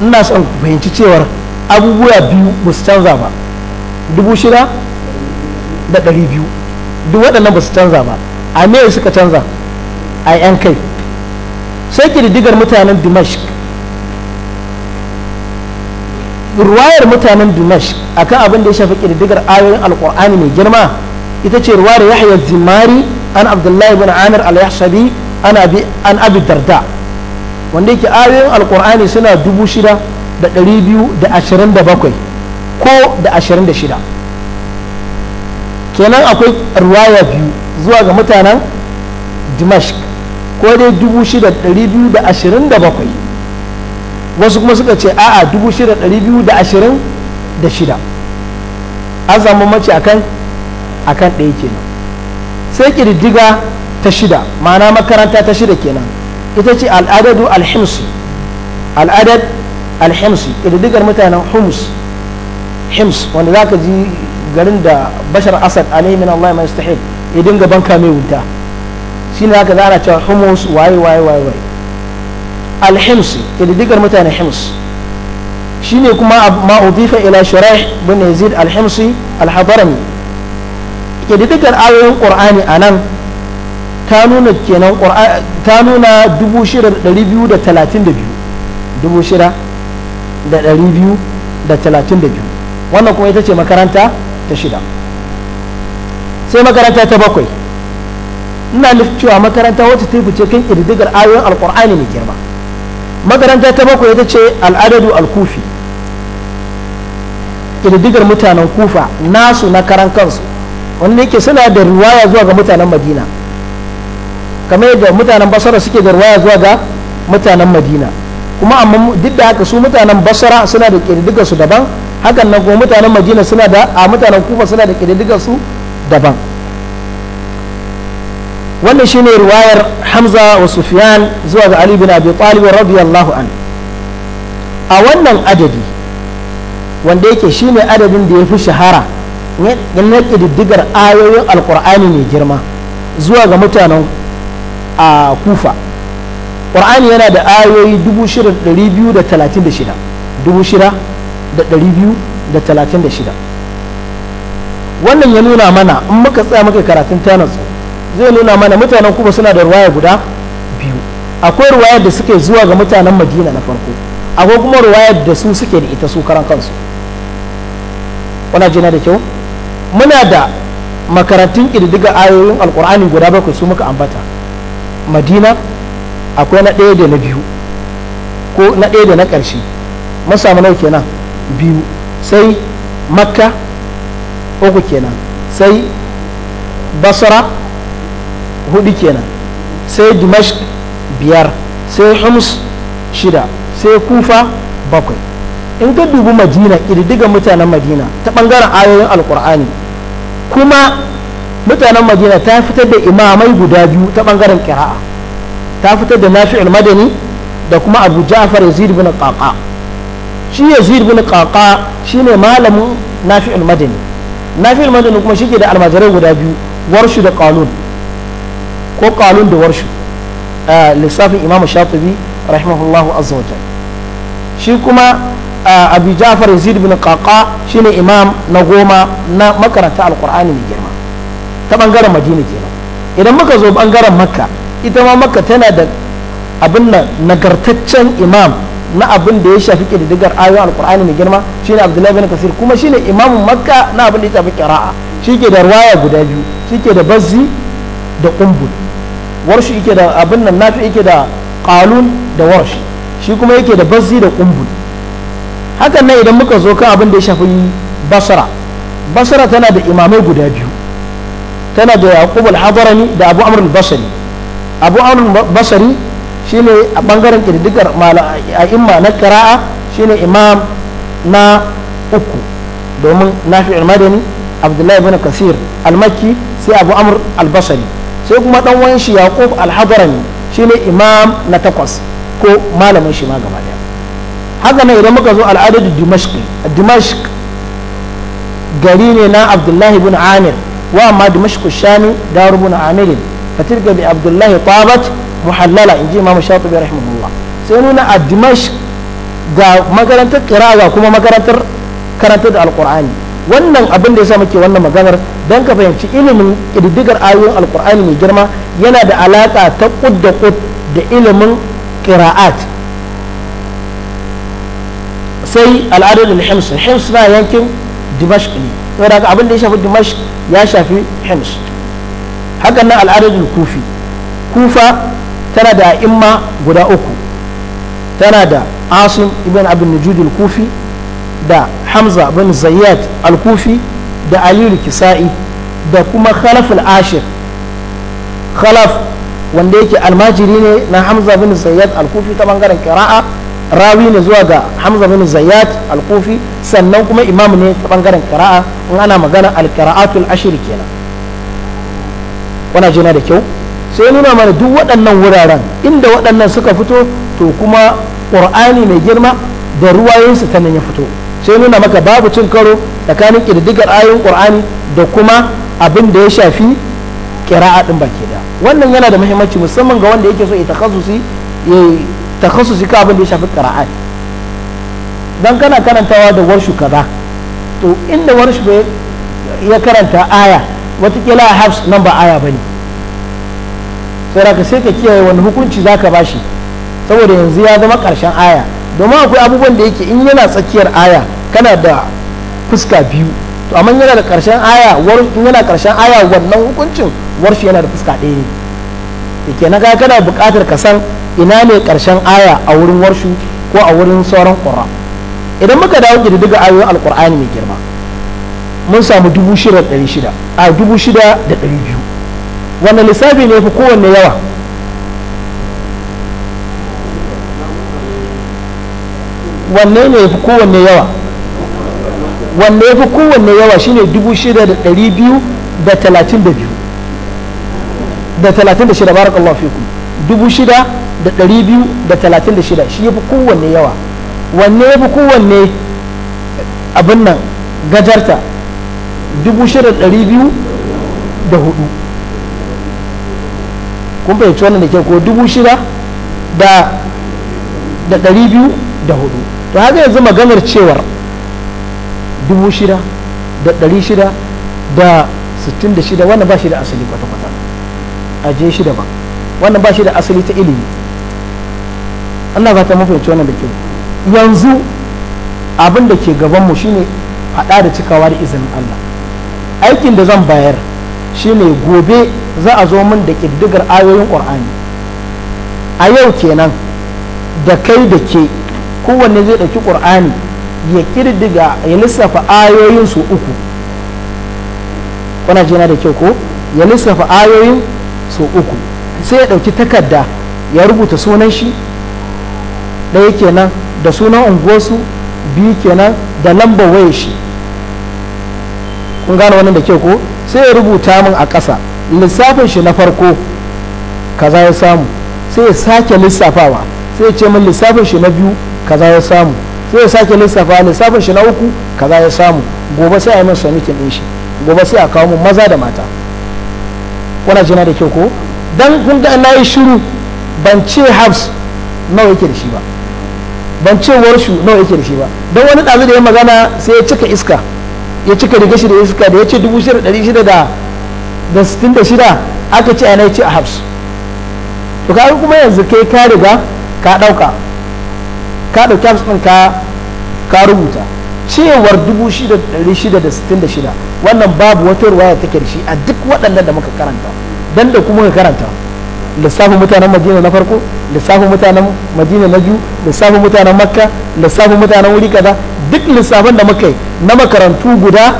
ina son ku fahimci cewar abubuwa biyu ba su canza ba 6,200 duk waɗannan ba su canza ba a me suka canza a 'yan kai sai kididdigar mutanen dimashq ruwayar mutanen dimashq akan abin da ya shafi kididdigar ayoyin alkur'ani mai girma ita ce ruwayar yahya zimari an abdullahi bin amir al-yahsabi an abi darda wanda yake ayoyin alkur'ani suna dubu shida da ɗari biyu da ashirin da bakwai ko da ashirin da shida kenan akwai ruwaya biyu zuwa ga mutanen dimashq ko dai dubu shida biyu da da ashirin bakwai wasu kuma suka ce a'a dubu shida biyu da da ashirin shida an samu mace a kan a kan ɗaya kenan sai ƙididdiga ta shida ma'ana makaranta ta shida kenan ita ce al'adadu alhimsu al'adad alhimsu ƙididdigar mutanen humus hims wanda za ka ji garin da bashar asad alaihi min allah mai istahib ya dinga banka mai wuta shi ne aka zara cewa humus waye waye waye waye al ƙididdigar mutane hims ne kuma ma udifa ila shirai bin yazid al-himsi ƙididdigar hadrami ididdigar ayoyin qur'ani anan ta nuna kenan ta nuna da 6232 wannan kuma ita ce makaranta ta shida sai makaranta ta bakwai ina nufin cewa makaranta wacce ta fice kan ƙididdigar ayoyin alƙur'ani mai girma makaranta ta bakwai ita ce al'adadu al-kufi ƙididdigar mutanen kufa nasu na karan kansu wanda yake suna da ruwaya zuwa ga mutanen madina kamar yadda mutanen basara suke da ruwaya zuwa ga mutanen madina kuma amma duk da haka su mutanen basara suna da ƙididdigar su daban hakan nan kuma mutanen madina suna da a mutanen kufa suna da ƙididdigar su daban wannan shine ruwayar hamza wa sufyan zuwa ga ali bin abi talib radiyallahu an a wannan adadi wanda yake shine adadin da ya fi shahara na diddigar ayoyin alƙur'ani mai girma zuwa ga mutanen a kufa ƙur'ani yana da ayoyi 6,236 wannan ya nuna mana in muka tsaya muka karatun tanatsu zai nuna mana mutanen kuma suna da ruwaya guda biyu akwai ruwayar da suke zuwa ga mutanen madina na farko akwai kuma ruwayar da su suke da ita su karan kansu kuna jina da kyau muna da makarantun ƙididdiga ayoyin alkur'ani guda bakwai su muka ambata madina akwai na ɗaya da na biyu ko na ɗaya da na ƙarshe masamu nau kenan biyu sai makka uku kenan sai basra hudu kenan sai dimashq biyar sai Hums shida sai kufa bakwai in ka dubi madina ƙididdigan mutanen madina ta bangaren ayoyin alkur'ani kuma mutanen madina ta fitar da imamai guda biyu ta bangaren ƙira'a ta fitar da nafi'ul madani da kuma abu ja'far yazid bin qaqa shi yazid bin qaqa shine malamin nafi'ul madani nafi'ul madani kuma shi ke da almajirai guda biyu warshu da qalun ko qalun da warshu lissafin imamu shatibi rahimahullahu azza wa shi kuma abu jafar yazid bin qaqa shine imam na goma na makaranta alqur'ani mai girma ta bangaren madina kenan idan muka zo bangaren makka ita ma makka tana da abin nan nagartaccen imam na abin da ya shafi kididdigar ayoyin alkur'ani mai girma shine abdullahi bin kasir kuma shine imamin makka na abin da ya shafi qira'a shi ke da ruwaya guda biyu shi ke da bazzi da kumbul warshi yake da abin nan nafi yake da qalun da warshi shi kuma yake da bazzi da qumbul hakan nan idan muka zo kan abin da ya shafi basra basra tana da imamai guda biyu tana da yaqub al-hadrami da abu amr al-basri abu amr al-basri shine a bangaren kididdigar a'imma na qira'a shine imam na uku domin nafi'ul madani abdullahi ibn kasir al-makki sai abu amr al-basri sai kuma dan wani shi yaqub al-hadrami shine imam na takwas ko malamin shi ma gaba daya haka ne idan muka zo al'adadu dimashqi dimashq gari ne na abdullahi ibn amir wa amma dimashq shami daru ibn amir fatilka bi abdullahi tabat muhallala inji imam shatibi rahimahullah sai nuna a dimashq ga makarantar kira kuma makarantar karanta da alqur'ani wannan abin da ya sa muke wannan maganar dan ka fahimci ilimin ƙididdigar ayoyin alkur'ani mai girma yana da alaƙa ta ƙud da ƙud da ilimin ƙira'at sai al'adul hims hims na yankin dimashq ne saboda abin da ya shafi dimashq ya shafi hims hakan nan al'adul kufi kufa tana da imma guda uku tana da asim ibn abdul najud al-kufi da hamza bin zayyad al-kufi da aliyu kisa'i da kuma khalaf al-ashir khalaf wanda yake almajiri ne na hamza bin zayyad al-kufi ta bangaren kira'a rawi ne zuwa ga hamza bin zayyad al-kufi sannan kuma imamu ne ta bangaren kira'a in ana magana al-qira'atul ashir kenan wana jina da kyau sai nuna mana duk waɗannan wuraren inda waɗannan suka fito to kuma ƙur'ani mai girma da ruwayensu ta nan ya fito sai nuna maka babu cin karo tsakanin kididdigar ayoyin ƙur'ani da kuma abin da ya shafi kira'a ɗin baki da wannan yana da muhimmanci musamman ga wanda yake so ya takhasusi ya takhasusi ka abin da ya shafi ƙira'a dan kana karantawa da warshu kaza to inda warshu ya karanta aya watakila a hafs nan ba aya bane sai ka sai ka kiyaye wani hukunci zaka bashi saboda yanzu ya zama karshen aya domin akwai abubuwan da yake in yana tsakiyar aya kana da fuska biyu to amma yana da karshen aya war in yana karshen aya wannan hukuncin warshi yana da fuska ɗaya ne yake na ga kana buƙatar ka san ina ne karshen aya a wurin warshu ko a wurin sauran ƙura idan muka dawo ƙididdiga ayoyin alƙur'ani mai girma mun samu dubu shida da ɗari shida a dubu shida da ɗari biyu wannan lissafi ne fi kowanne yawa wanne ne ya fi kowanne yawa wanne ya fi kowanne yawa shi ne 6,232 da 36 barakallahu fikum 6,236 shi ya fi kowanne yawa wanne ya fi kowanne abin nan gajarta 6,204 kun fahimci wannan da ke ko 6,200 da hudu to haka yanzu maganar cewar dubu shida da ɗari shida da sittin da shida wannan ba shi da asali kwata-kwata a je shida ba wannan ba shi da asali ta ilimi Allah ba ta mafi wannan da kyau yanzu abin da ke gabanmu shine faɗa da cikawa da izinin Allah aikin da zan bayar shine gobe za a zo min da ƙiddigar ayoyin ƙur'ani a yau kenan da kai da ke kowanne zai ɗauki ƙur'ani ya kirdiga ya lissafa ayoyin su uku kuna jina da kyau ko ya lissafa ayoyin su uku sai ya ɗauki takarda ya rubuta sunan shi ɗaya kenan da sunan unguwarsu biyu kenan da lambar waya shi kun gane wannan da kyau ko sai ya rubuta min a ƙasa lissafin shi na farko kaza ya samu sai ya sake lissafawa sai ya ce min lissafin shi na biyu kaza ya samu sai ya sake lissafa lissafin shi na uku kaza ya samu gobe sai a yi masa samikin din shi gobe sai a kawo mu maza da mata kuna jina da kyau ko dan kun ga na yi shiru ban ce habs nawa yake da shi ba ban ce warshu nawa yake da shi ba don wani ɗazu da ya magana sai ya cika iska ya cika riga shi da iska da ya ce dubu shida ɗari shida da da sittin da shida aka ce ana ce a habs to kaga kuma yanzu kai ka riga ka ɗauka ka ɗauki hamsin ɗin ka rubuta cewar 666 wannan babu wata ruwaya ta da shi a duk waɗannan da muka karanta dan da kuma muka karanta lissafin mutanen madina na farko lissafin mutanen madina na biyu lissafin mutanen makka lissafin mutanen wuri kaza duk lissafin da muka yi na makarantu guda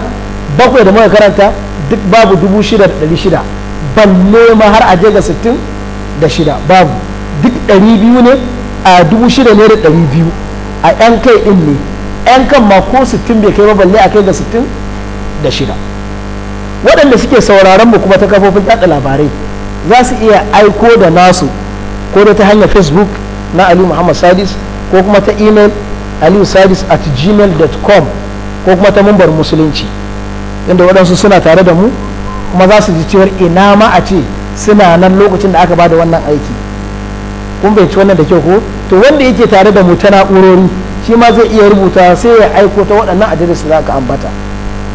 bakwai da muka karanta duk babu 6,600 balle ma har aje ga 66 babu duk 200 ne a dubu shida ne da ɗari biyu a yan kai ɗin ne yan kan ma ko sittin bai kai ba balle a kai ga sittin da shida waɗanda suke sauraron mu kuma ta kafofin yaɗa labarai za su iya aiko da nasu ko da ta hanyar facebook na ali muhammad sadis ko kuma ta email aliyu sadis at gmail.com ko kuma ta mambar musulunci inda waɗansu suna tare da mu kuma za su ji cewar ina ma a ce suna nan lokacin da aka ba da wannan aiki kun bai ci wannan da kyau ko to wanda yake tare da mu ta na'urori shi ma zai iya rubuta sai ya aiko ta waɗannan adiresu za ka ambata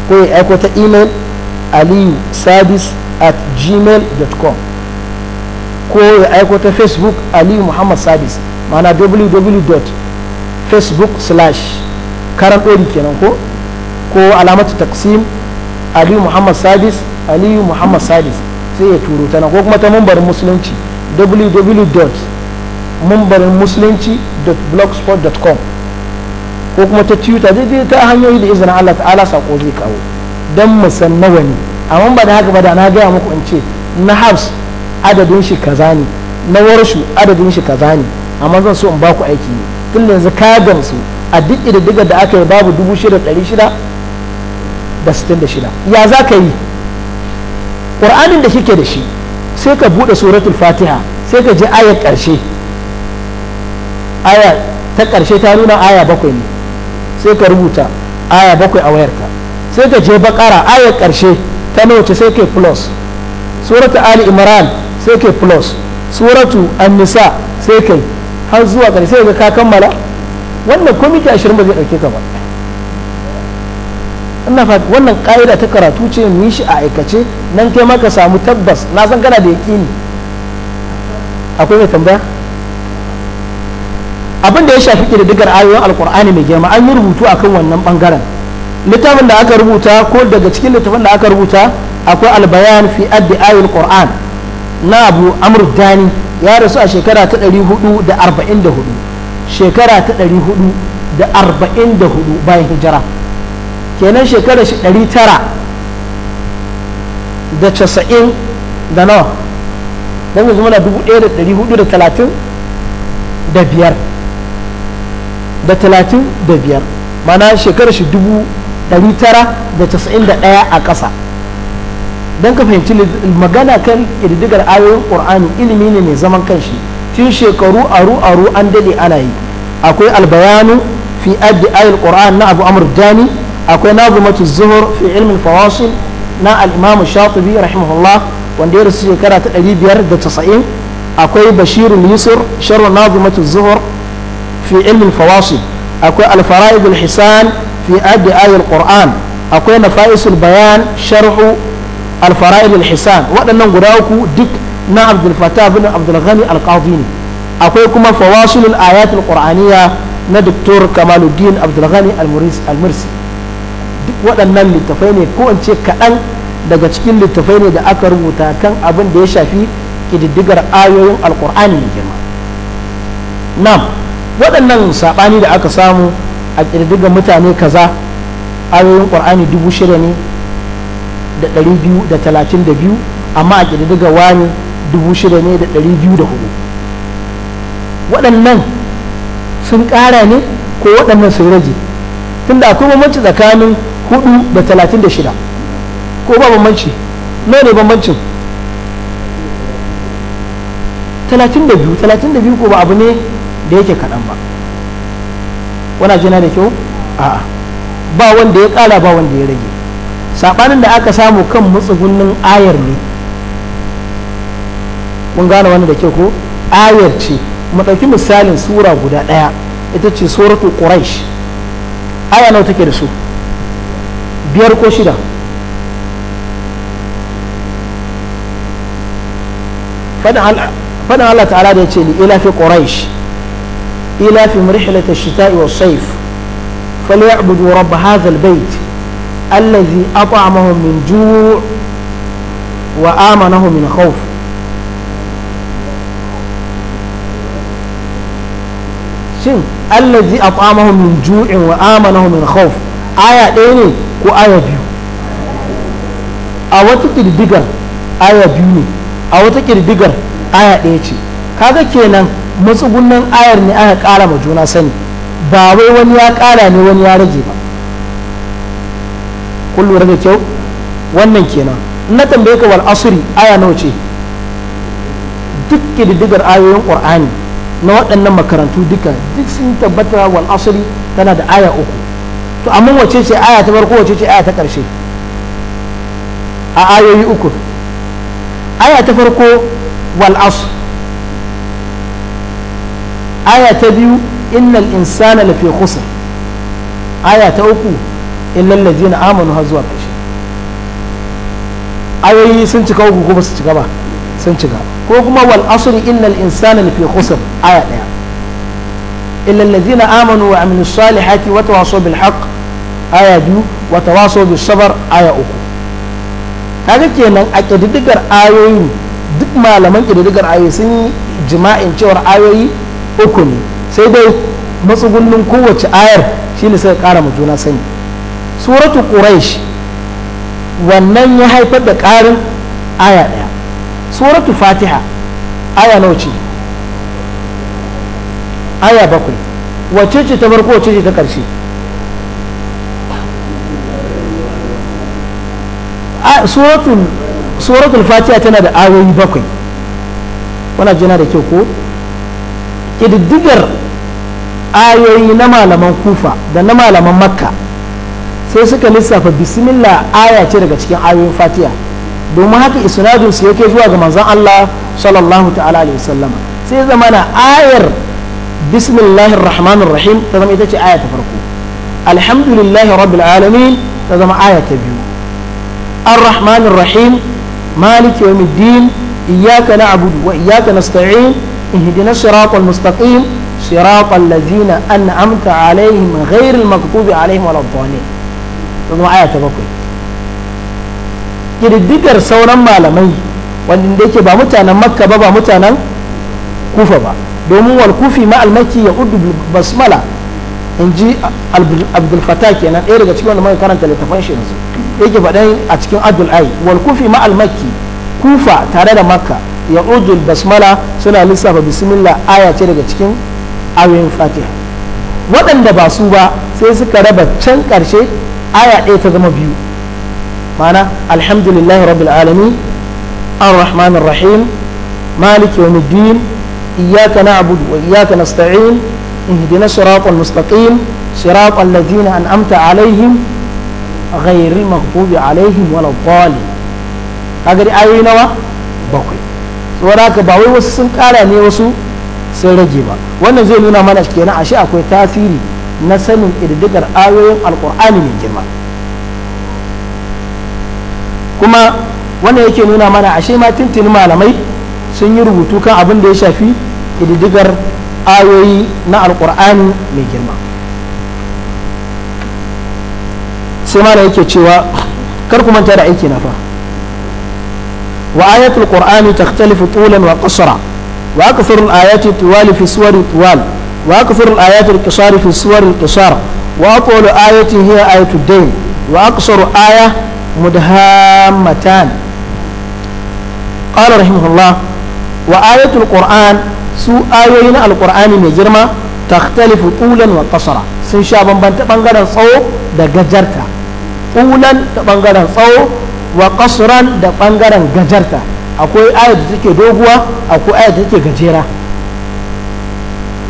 ko ya aiko ta email aliyu service at gmail.com ko ya aiko ta facebook aliyu muhammad service mana www.facebook slash karan ɗori kenan ko ko alamatu taksim aliyu muhammad service aliyu muhammad service sai ya turo ta ko kuma ta mambarin musulunci www.facebook mumbarin musulunci.blogspot.com ko kuma ta twitter zai je ta hanyoyi da izinin Allah ta'ala sako zai kawo don musan nawa ne amma ba da haka ba da na gaya muku in ce na habs adadin shi kaza ne na warshu adadin shi kaza ne amma zan so in ba ku aiki ne tun yanzu ka gamsu a duk ididdigar da aka yi babu dubu shida ɗari shida da sittin da shida ya za ka yi ƙur'anin da kike da shi sai ka buɗe suratul fatiha sai ka je ayar ƙarshe aya ta ƙarshe ta nuna aya bakwai ne sai ka rubuta aya bakwai a wayarka sai ka je bakara aya ƙarshe ta nauce sai kai plus suratu ali imran sai kai plus suratu annisa sai kai har zuwa ƙarshe ga ka kammala wannan komiti ashirin ba zai ɗauke ka ba wannan ƙa'ida ta karatu ce mu yi shi a aikace nan kai maka samu tabbas na san kana da yaƙini akwai mai tambaya abin da ya shafi ƙididdigar ayoyin alkur'ani mai girma an yi rubutu akan wannan bangaren littafin da aka rubuta ko daga cikin littafin da aka rubuta akwai albayan fi addi ayoyin qur'an na abu amr dani ya rasu a shekara ta 444 shekara ta 444 bayan hijira kenan shekara shi 900 da 90 da nawa don yanzu mana 1435 da biyar da talatin da biyar mana shekarar shi dubu ɗari tara da casa'in da ɗaya a ƙasa don ka fahimci magana kan ƙididdigar ayoyin ƙur'ani ilimi ne mai zaman kanshi tun shekaru aru aru an daɗe ana yi akwai albayanu fi addi ayil ƙur'an na abu amur dani akwai nazumatu zuhur fi ilmin fawasil na al'imamu shatibi rahimahullah wanda ya rasu shekara ta ɗari biyar da casa'in akwai bashirul yusur sharwa nazumatu zuhur fi ilmin akwai alfara'idul hisan fi addi ayil qur'an akwai nafa'isul bayan sharhu alfara'idul hisan waɗannan guda uku duk na abdul fatah bin abdul ghani al ne akwai kuma fawasilul ayatul qur'aniyya na doktor kamaluddin abdul ghani al-mursi duk waɗannan littafai ne ko in kaɗan daga cikin littafai ne da aka rubuta kan abin da ya shafi ƙididdigar ayoyin alƙur'ani mai girma. Nam, waɗannan saɓani da aka samu a ƙirƙirar mutane kaza ayoyin ƙwar'ani dubu shida ne da ɗari biyu da talatin da biyu amma a ƙirƙirar wani dubu shida ne da ɗari biyu da hudu waɗannan sun ƙara ne ko waɗannan sun rage tunda akwai bambanci tsakanin hudu da talatin da shida ko ba bambanci nawa ne bambancin talatin da biyu talatin da biyu ko ba abu ne da yake kaɗan ba wana jina da kyau a'a ba wanda ya ƙara ba wanda ya rage saɓanin da aka samu kan matsugunnin ayar ne mun gane wani da kyau ko ayar ce mu ɗauki misalin sura guda ɗaya ita ce suratul quraish aya nawa take da su biyar ko shida faɗin Allah ta'ala da ya ce ni ila fi ƙuraish. إيلافهم رحلة الشتاء والصيف فليعبدوا رب هذا البيت الذي أطعمهم من جوع وآمنهم من خوف shin allazi at'amahum min ju'in wa amanahum min khawf aya ɗaya ko aya a wata kirdigar aya biyu a wata kirdigar aya ɗaya ce kenan matsugunan ayar ne aka kara ma juna sani ba wai wani ya kara ne wani ya rage ba kun lura da kyau wannan kenan na tambaye ka wal asuri aya nawa ce duk kididdigar ayoyin qur'ani na waɗannan makarantu duka duk sun tabbata wal asuri tana da aya uku to amma wace ce aya ta farko wace ce aya ta ƙarshe a ayoyi uku aya ta farko wal asr aya ta biyu innal insana lafi khusr aya ta uku illal ladina amanu har zuwa ƙarshe ayoyi sun cika uku ko ba su cika ba sun cika ko kuma wal asri innal insana lafi khusr aya ɗaya illal ladina amanu wa amilus salihati wa tawasaw bil haqq aya biyu wa tawasaw bis sabr aya uku kaga kenan a ƙididdigar ayoyi duk malaman ƙididdigar ayoyi sun yi jima'in cewar ayoyi uku ne sai dai matsugunnin kowace ayar shi ne suka ƙara juna sani suratu quraish wannan ya haifar da ƙarin aya ɗaya suratu fatiha aya nawa ce aya bakwai wacce ce ta farko wacce ce ta ƙarshe suratul fatiha tana da ayoyi bakwai wana jina da kyau ko ƙididdigar ayoyi na malaman kufa da na malaman makka sai suka lissafa bismillah aya ce daga cikin ayoyin fatiha domin haka isnadun su yake zuwa ga manzon Allah sallallahu ta'ala alaihi wasallama sai zamana ayar bismillahir rahmanir rahim ta zama ita ce aya ta farko alhamdulillahi rabbil alamin ta zama aya ta biyu ar-rahmanir rahim maliki yawmiddin iyyaka na'budu wa iyyaka nasta'in اهدنا الصراط المستقيم صراط الذين أنعمت عليهم غير المكتوب عليهم ولا الضالين zama aya ta bakwai ƙididdigar sauran malamai wanda yake ba mutanen makka ba ba mutanen kufa ba domin wal kufi ma almaki ya udu basmala in ji abdul fatah kenan ɗaya daga cikin wanda muka karanta littafan shi yanzu yake faɗa a cikin abdul wal kufi ma kufa tare da makka ya'udul basmala suna lissafa bismillah aya ce daga cikin ayoyin fatiha waɗanda ba su ba sai suka raba can ƙarshe aya ɗaya ta zama biyu ma'ana alhamdulillah rabbil alamin ar-rahman rahim malik yawmiddin iyyaka na'budu wa iyyaka nasta'in ihdina siratal mustaqim siratal ladzina an'amta alaihim ghayril maghdubi alaihim waladdallin kaga dai ayoyi nawa to haka ba wai wasu sun kara ne wasu sun rage ba wannan zai nuna mana kenan ashe akwai tasiri na sanin ƙididdigar ayoyin alƙur'ani mai girma kuma wannan yake nuna mana ashe ma tuntuni malamai sun yi rubutu kan abin da ya shafi ƙididdigar ayoyi na alƙur'ani mai girma sai mana yake cewa kar ku manta da aiki na fa وآيات القرآن تختلف طولا وقصرا وأكثر الآيات طوال في سور طوال وأكثر الآيات القصار في سور القصار وأطول آية هي آية الدين وأقصر آية مدهامتان قال رحمه الله وآية القرآن su ayoyin alkur'ani mai girma takhtalifu tulan wa qasara sun sha bambanta bangaren tsawo da gajarta tulan da bangaren tsawo wa kasuran da bangaren gajarta akwai ayat da take doguwa akwai ayat da take gajera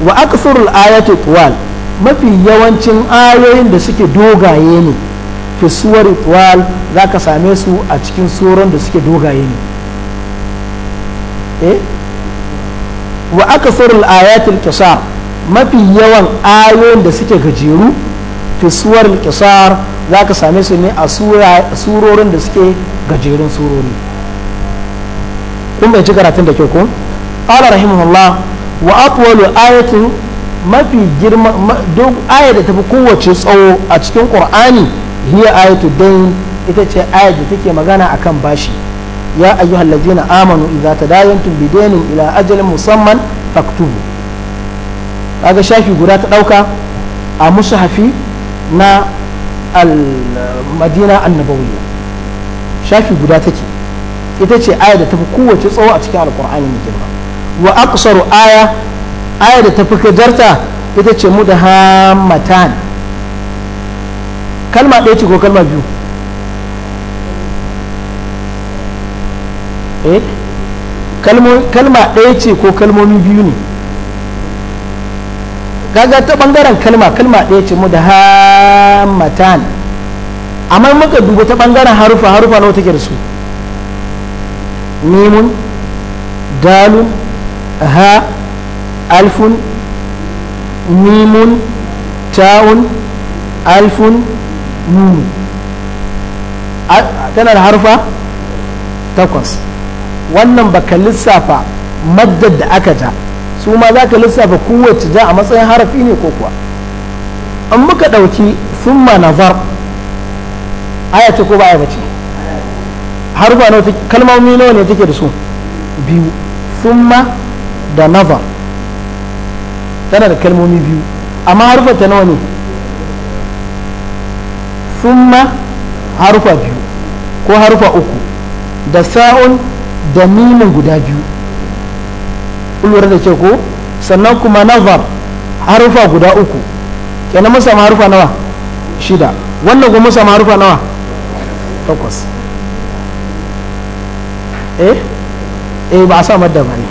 wa aksarul ayatu tuwal mafi yawancin ayoyin da suke dogaye ne fi suwar tuwal za ka same su a cikin tsoron da suke dogaye ne eh wa aksarul ayatul qisar mafi yawan ayoyin da suke gajeru fi suwar kisar za ka same su ne a surorin da suke gajerun surori kun bai ci karatun da ke ko qala rahimahullah wa atwalu ayatu mafi girma duk aya da tafi kowace tsawo a cikin qur'ani hiya ayatu dain ita ce aya da take magana akan bashi ya ayyuhal ladina amanu idza tadayantum bidainin ila ajalin musamman faktubu ga shafi guda ta dauka a mushafi na al-madina annabawiyya shafi guda take ita ce aya da tafi kowace tsawo a cikin alkur'ani mai girma wa aqsaru aya aya da tafi kajarta ita ce hamatan kalma ɗaya ce ko kalma biyu eh kalma ɗaya ce ko kalmomi biyu ne kaga ta bangaren kalma kalma ɗaya ce mu da hammatan amma muka duba ta bangaren harufa harufa nawa ke da su mimun dalun ha alfun mimun ta'un alfun nunu tana da harufa takwas wannan baka lissafa maddar da aka ta su ma za ka lissafa kowace ja a matsayin harafi ne ko kuwa an muka ɗauki summa nazar aya ce ko ba bace har ba nawa kalmomi nawa ne take da su biyu summa da nazar tana da kalmomi biyu amma harfa ta nawa ne summa harfa biyu ko harfa uku da sa'un da mimin guda biyu lura da ke ko sannan kuma nazar harufa guda uku kenan musa harufa nawa shida wannan kuma musa harufa nawa takwas eh eh ba a sa madda ba ne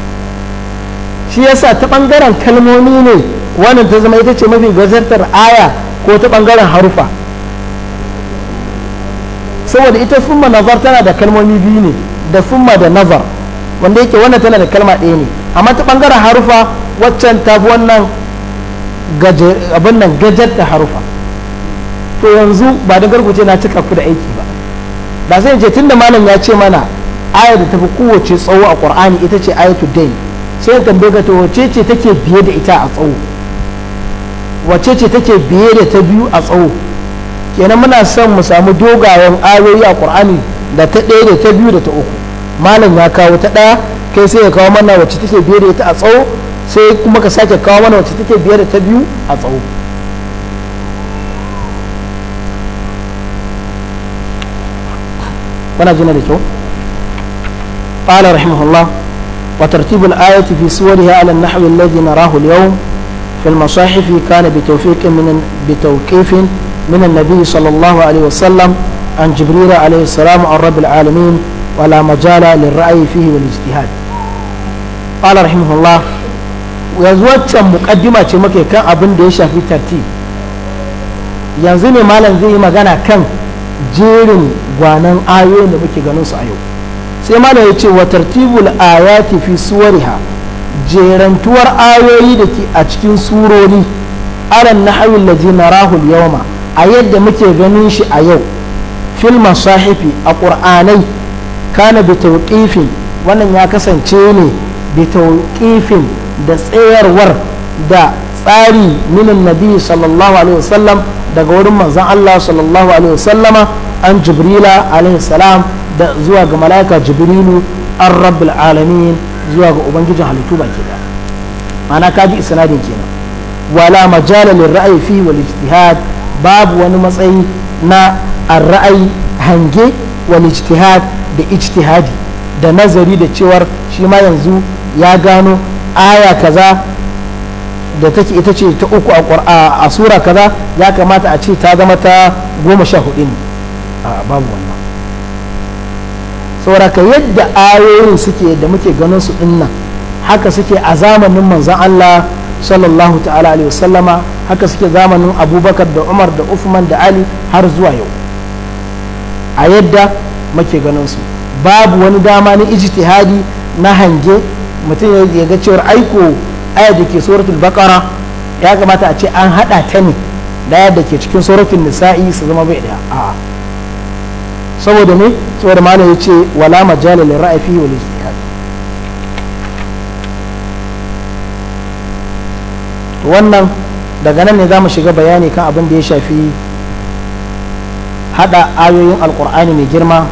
shi yasa ta bangaren kalmomi ne wannan ta zama ita ce mafi gazartar aya ko ta bangaren harufa saboda ita summa nazar tana da kalmomi biyu ne da summa da nazar wanda yake wannan tana da kalma ɗaya ne amma ta ɓangaren harufa waccan ta fi wannan abin nan gajar da harufa to yanzu ba da garkuce na cika ku da aiki ba ba zai ce tunda malam ya ce mana ayar da tafi kowace tsawo a qur'ani ita ce ayatu dai sai tambaye ka wace ce take biye da ita a tsawo wace ce take biye da ta biyu a tsawo kenan muna son mu samu dogayen ayoyi a qur'ani da ta ɗaya da ta biyu da ta uku malam ya kawo ta daya kai sai ya kawo mana wacce take biye da ita a tsawo sai kuma ka sake kawo mana wacce take biye da ta biyu a tsawo wana jina da kyau قال رحمه الله وترتيب الآية في سورها على النحو الذي نراه اليوم في المصاحف كان بتوفيق من بتوقيف من النبي صلى الله عليه وسلم عن جبريل عليه السلام عن رب العالمين ولا مجال للرأي فيه والاجتهاد قال رحمه الله yanzu waccan mukaddima ce muke kan abin da ya shafi tartib yanzu ne malam zai yi magana kan jerin gwanan ayoyin da muke ganin su a yau sai malam ya ce wa tartibul ayati fi suwariha jerantuwar ayoyi da ke a cikin surori alan nahawi allazi narahu al-yawma a yadda muke ganin shi a yau fil masahifi a qur'anai kana bi tawqifin wannan ya kasance ne bi tauƙifin da tsayarwar da tsari minin nabi sallallahu alaihi wasallam daga wurin manzon Allah sallallahu alaihi wasallama an jibrila alaihi salam da zuwa ga malaika jibrilu an rabbul alamin zuwa ga ubangijin halittu baki da ma'ana bi isnadin kenan wala majala lil ra'ayi fi wal babu wani matsayi na ar-ra'ayi hange wani ijtihad da ijtihadi da nazari da cewar shi ma yanzu ya gano aya kaza da take ita ce ta uku a a sura kaza ya kamata a ce ta zama ta goma sha hudu ne a babu wannan sauraka yadda ayoyin suke da muke ganin su dinnan haka suke a zamanin manzon Allah sallallahu ta'ala alaihi wasallama haka suke zamanin abubakar da umar da uthman da ali har zuwa yau a yadda muke ganin su babu wani dama na ijtihadi na hange mutum ya ga cewar aiko aya da ke suratul bakara ya kamata a ce an hada ta ne da yadda ke cikin suratul nisa'i su zama bai da a saboda ne saboda malam ya ce wala majalil ra'afi wal ijtihad wannan daga nan ne zamu shiga bayani kan abin da ya shafi hada ayoyin alkur'ani mai girma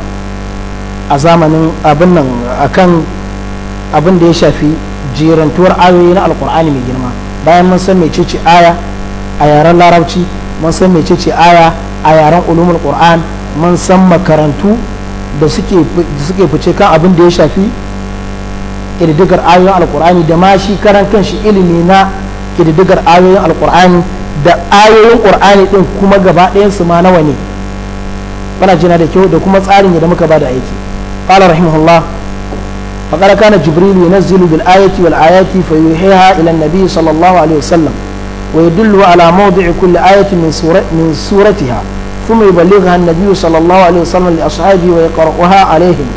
a zamanin abin nan akan abin da ya shafi jirantuwar ayoyi na alkur'ani mai girma bayan mun san mecece aya a yaren larabci mun san mecece aya a yaren ulumul qur'an mun san makarantu da suke fice kan abin da ya shafi kididdigar ayoyin alkur'ani da ma shi karan kanshi ilimi na kididdigar ayoyin alkur'ani da ayoyin qur'ani ɗin kuma gaba ɗayansu ma nawa ne muna jina da kyau da kuma tsarin da muka bada aiki qala rahimahullah faqala kana jibril yunazzilu bil ayati wal ayati fayuhiha ila an-nabi sallallahu alaihi wasallam ويدل على موضع كل آية من, سورة من سورتها ثم يبلغها النبي صلى الله عليه وسلم لأصحابه ويقرأها عليهم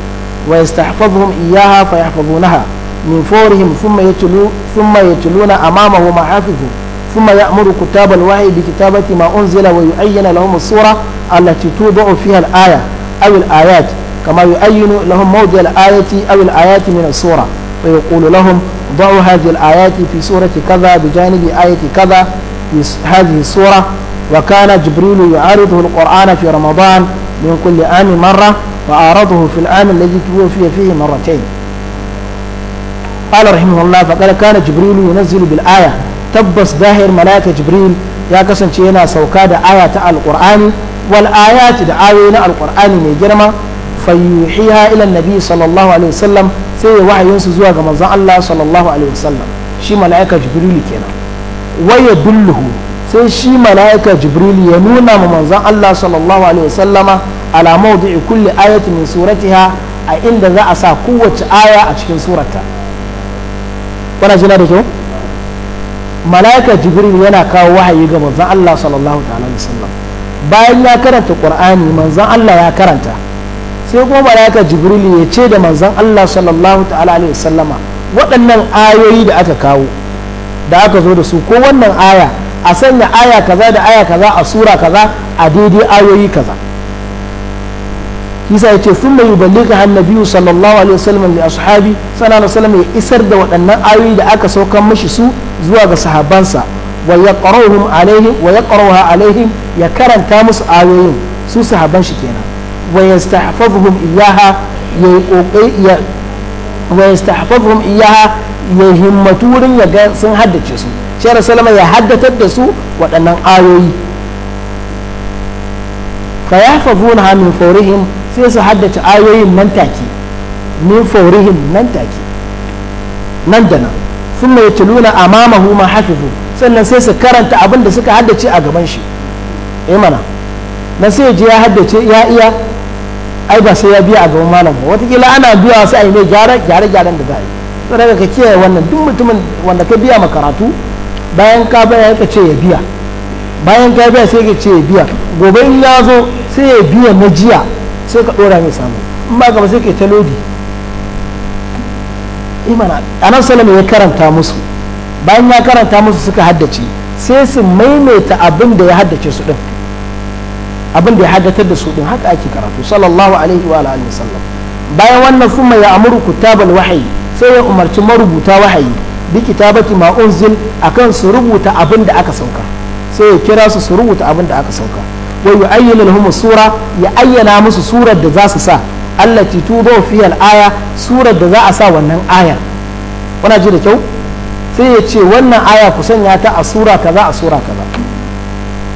ويستحفظهم إياها فيحفظونها من فورهم ثم يتلو ثم يتلون أمامه محافظهم ثم يأمر كتاب الوحي بكتابة ما أنزل ويعين لهم الصورة التي توضع فيها الآية أو الآيات كما يعين لهم موضع الآية أو الآيات من الصورة فيقول لهم ضعوا هذه الآيات في سورة كذا بجانب آية كذا في هذه الصورة وكان جبريل يعارضه القرآن في رمضان من كل عام مرة وعارضه في العام الذي توفي فيه مرتين قال رحمه الله فقال كان جبريل ينزل بالآية tabbas zahir malaika jibril ya kasance yana sauka da aya ta alqur'ani wal ayati da ayoyi na alqur'ani mai girma fayuhiha ila nabi sallallahu alaihi wasallam sai ya wahayin su zuwa ga manzon Allah sallallahu alaihi wasallam shi malaika jibril kenan waya dulluhu sai shi malaika jibril ya nuna ma manzon Allah sallallahu alaihi wasallama ala mawdi'i kulli ayati min suratiha a inda za a sa kowace aya a cikin surata. kana jina da kyau? mala'ika jibril yana kawo wahayi ga manzon Allah sallallahu ta'ala wasallam bayan ya karanta qur'ani manzon Allah ya karanta sai kuma mala'ika jibril ya ce da manzon Allah sallallahu ta'ala alaihi wasallama waɗannan ayoyi da aka kawo da aka zo da su ko wannan aya a sanya aya kaza da aya kaza a sura kaza a daidai ayoyi kaza yasa yace thumma yuballigha an-nabiyyu sallallahu alaihi wasallam li ashabi sallallahu alaihi wasallam ya isar da waɗannan ayoyi da aka saukan mashi su zuwa ga sahabansa wa yaqra'uhum alaihim wa yaqra'uha alaihim ya karanta musu ayoyin su sahaban shi kenan wa yastahfazuhum iyaha ya kokari ya wa yastahfazuhum iyaha ya himmatu wurin ya ga sun haddace su shi sallama ya haddatar da su waɗannan ayoyi fa yahfazuna min fawrihim sai su haddace ayoyin nan take min faurihim nan take nan da nan sun mai tuluna mamahu ma hafifu sannan sai su karanta abin da suka haddace a gaban shi eh mana na sai ji ya haddace ya iya ai ba sai ya biya a gaban malam ba watakila ana biya wasu ai mai gyara gyare gyaren da za a yi to daga ka kiyaye wannan duk mutumin wanda ka biya makaratu bayan ka baya ka ce ya biya bayan ka biya sai ka ce ya biya gobe in ya zo sai ya biya na jiya sai ka ɗora mai samu in ba gaba sai ke ta lodi imana anan salama ya karanta musu bayan ya karanta musu suka haddace sai su maimaita abin da ya haddace su din abin da ya haddatar da su din haka ake karatu sallallahu alaihi wa alihi wasallam bayan wannan kuma ya amuru kutabal wahayi sai ya umarci marubuta wahayi bi kitabati ma unzil akan su rubuta abin da aka sauka sai ya kira su su rubuta abin da aka sauka wa yu'ayyinu lahum sura ya ayyana musu surar da za su sa allati tudo fi aya surar da za a sa wannan ayar kuna ji da kyau sai ya ce wannan aya ku sanya ta a kaza a kaza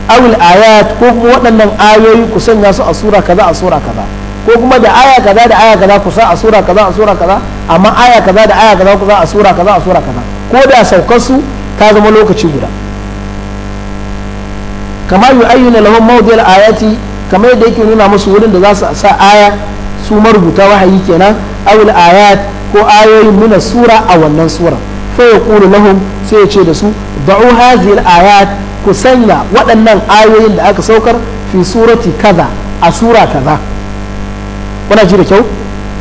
awil ayat ko waɗannan ayoyi ku su a kaza a kaza ko kuma da aya kaza da aya kaza ku sa kaza kaza amma aya kaza da aya kaza kaza kaza ko da saukar su ta zama lokaci guda kamar yu ayyuna lahum mawdi'al ayati kamar yadda yake nuna musu wurin da za su sa aya su marubuta wahayi kenan awul ayat ko ayoyin mina sura a wannan sura fa yaqulu lahum sai ya ce da su da'u hadhihi ayat ku sanya waɗannan ayoyin da aka saukar fi surati kaza a sura kaza kuna ji da kyau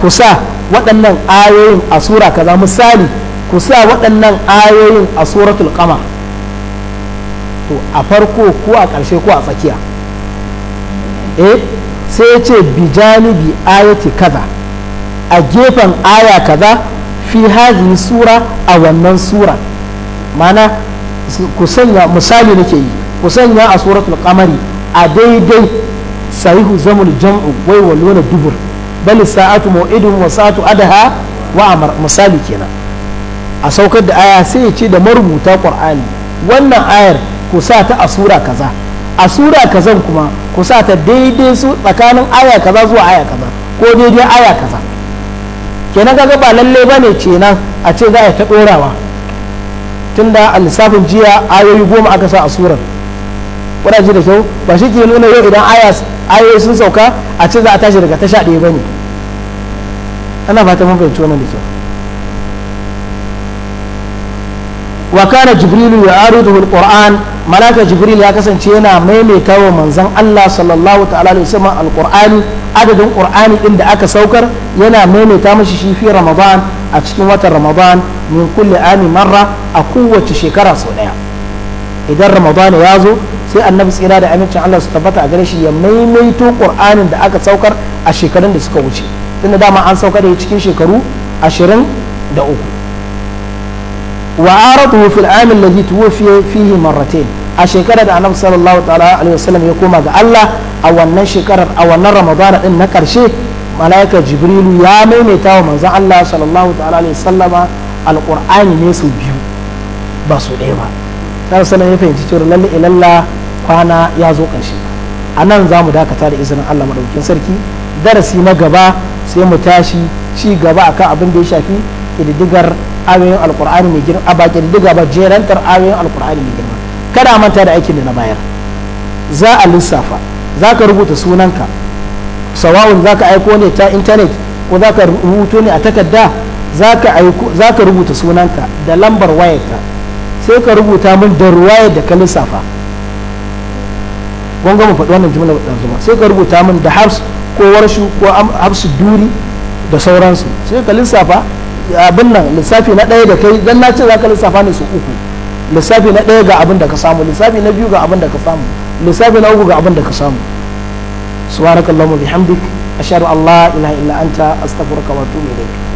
ku sa waɗannan ayoyin a sura kaza misali ku sa waɗannan ayoyin a suratul qamar to a farko ko a ƙarshe ko a tsakiya eh sai ce bi ayati kaza a gefen aya kaza fi hazi sura a wannan sura mana ku sanya misali nake yi ku sanya a suratul kamari a daidai sahihu zamul jam'u wai walwana dubur bal sa'atu mau'idun wa sa'atu adaha wa amar misali kenan a saukar da aya sai ya ce da marubuta qur'ani wannan ayar ku sa ta a sura kaza a sura kazan kuma ku sa ta daidai su tsakanin aya kaza zuwa aya kaza ko daidai aya kaza kenan kaga ba lalle bane kenan a ce za a ta dorawa tunda a lissafin jiya ayoyi goma aka sa a surar ji da kyau ba shi ke nuna yau idan ayoyi sun sauka a ce za a tashi daga tasha ɗaya bane ana fata mun fahimci wannan da kyau jibrilu ya يعارضه alquran malaka jibril ya kasance yana maimaita wa manzon Allah sallallahu ta'ala alaihi wasallam alqur'ani adadin qur'ani din da aka saukar yana maimaita mashi shi fi ramadan a cikin watan ramadan min kulli ami marra a kowace shekara sau daya idan ramadan ya zo sai annabi tsira da amincin Allah su tabbata a gare shi ya maimaito qur'anin da aka saukar a shekarun da suka wuce tunda dama an saukar da cikin shekaru ashirin da uku وعارضه في العام الذي توفي فيه مرتين أشكرة أن صلى الله عليه وسلم يقوم قال الله أو أن شكرة أو أن رمضان إن نكر شيء ملائكة جبريل يا ميميتا ومن زعل الله صلى الله عليه وسلم القرآن نيسو بيو باسو ديما صلى الله عليه وسلم يقول لله إلا الله kwana ya zo ƙarshe a nan za mu dakata da izinin allah maɗaukin sarki darasi na gaba sai mu tashi ci gaba akan abin da ya shafi ƙididdigar ayoyin alkur'ani mai girma a bakin diga ba jerantar ayoyin alkur'ani mai girma kada manta da aikin da na bayar za a lissafa za ka rubuta sunanka sawa'un za ka aiko ne ta intanet ko za ka rubuto ne a takarda za ka rubuta sunanka da lambar wayarka sai ka rubuta min da ruwayar da ka lissafa gwangwamin mu faɗi wannan jimla da zuma sai ka rubuta min da habs ko warshu ko harsu duri da sauransu sai ka lissafa abin nan lissafi na ɗaya da kai dan na ce za ka lissafa ne su uku lissafi na ɗaya ga abin da ka samu lissafi na biyu ga abin da ka samu lissafi na uku ga abin da ka samu subhanakallahumma bihamdik ashhadu an la ilaha illa anta astaghfiruka wa atubu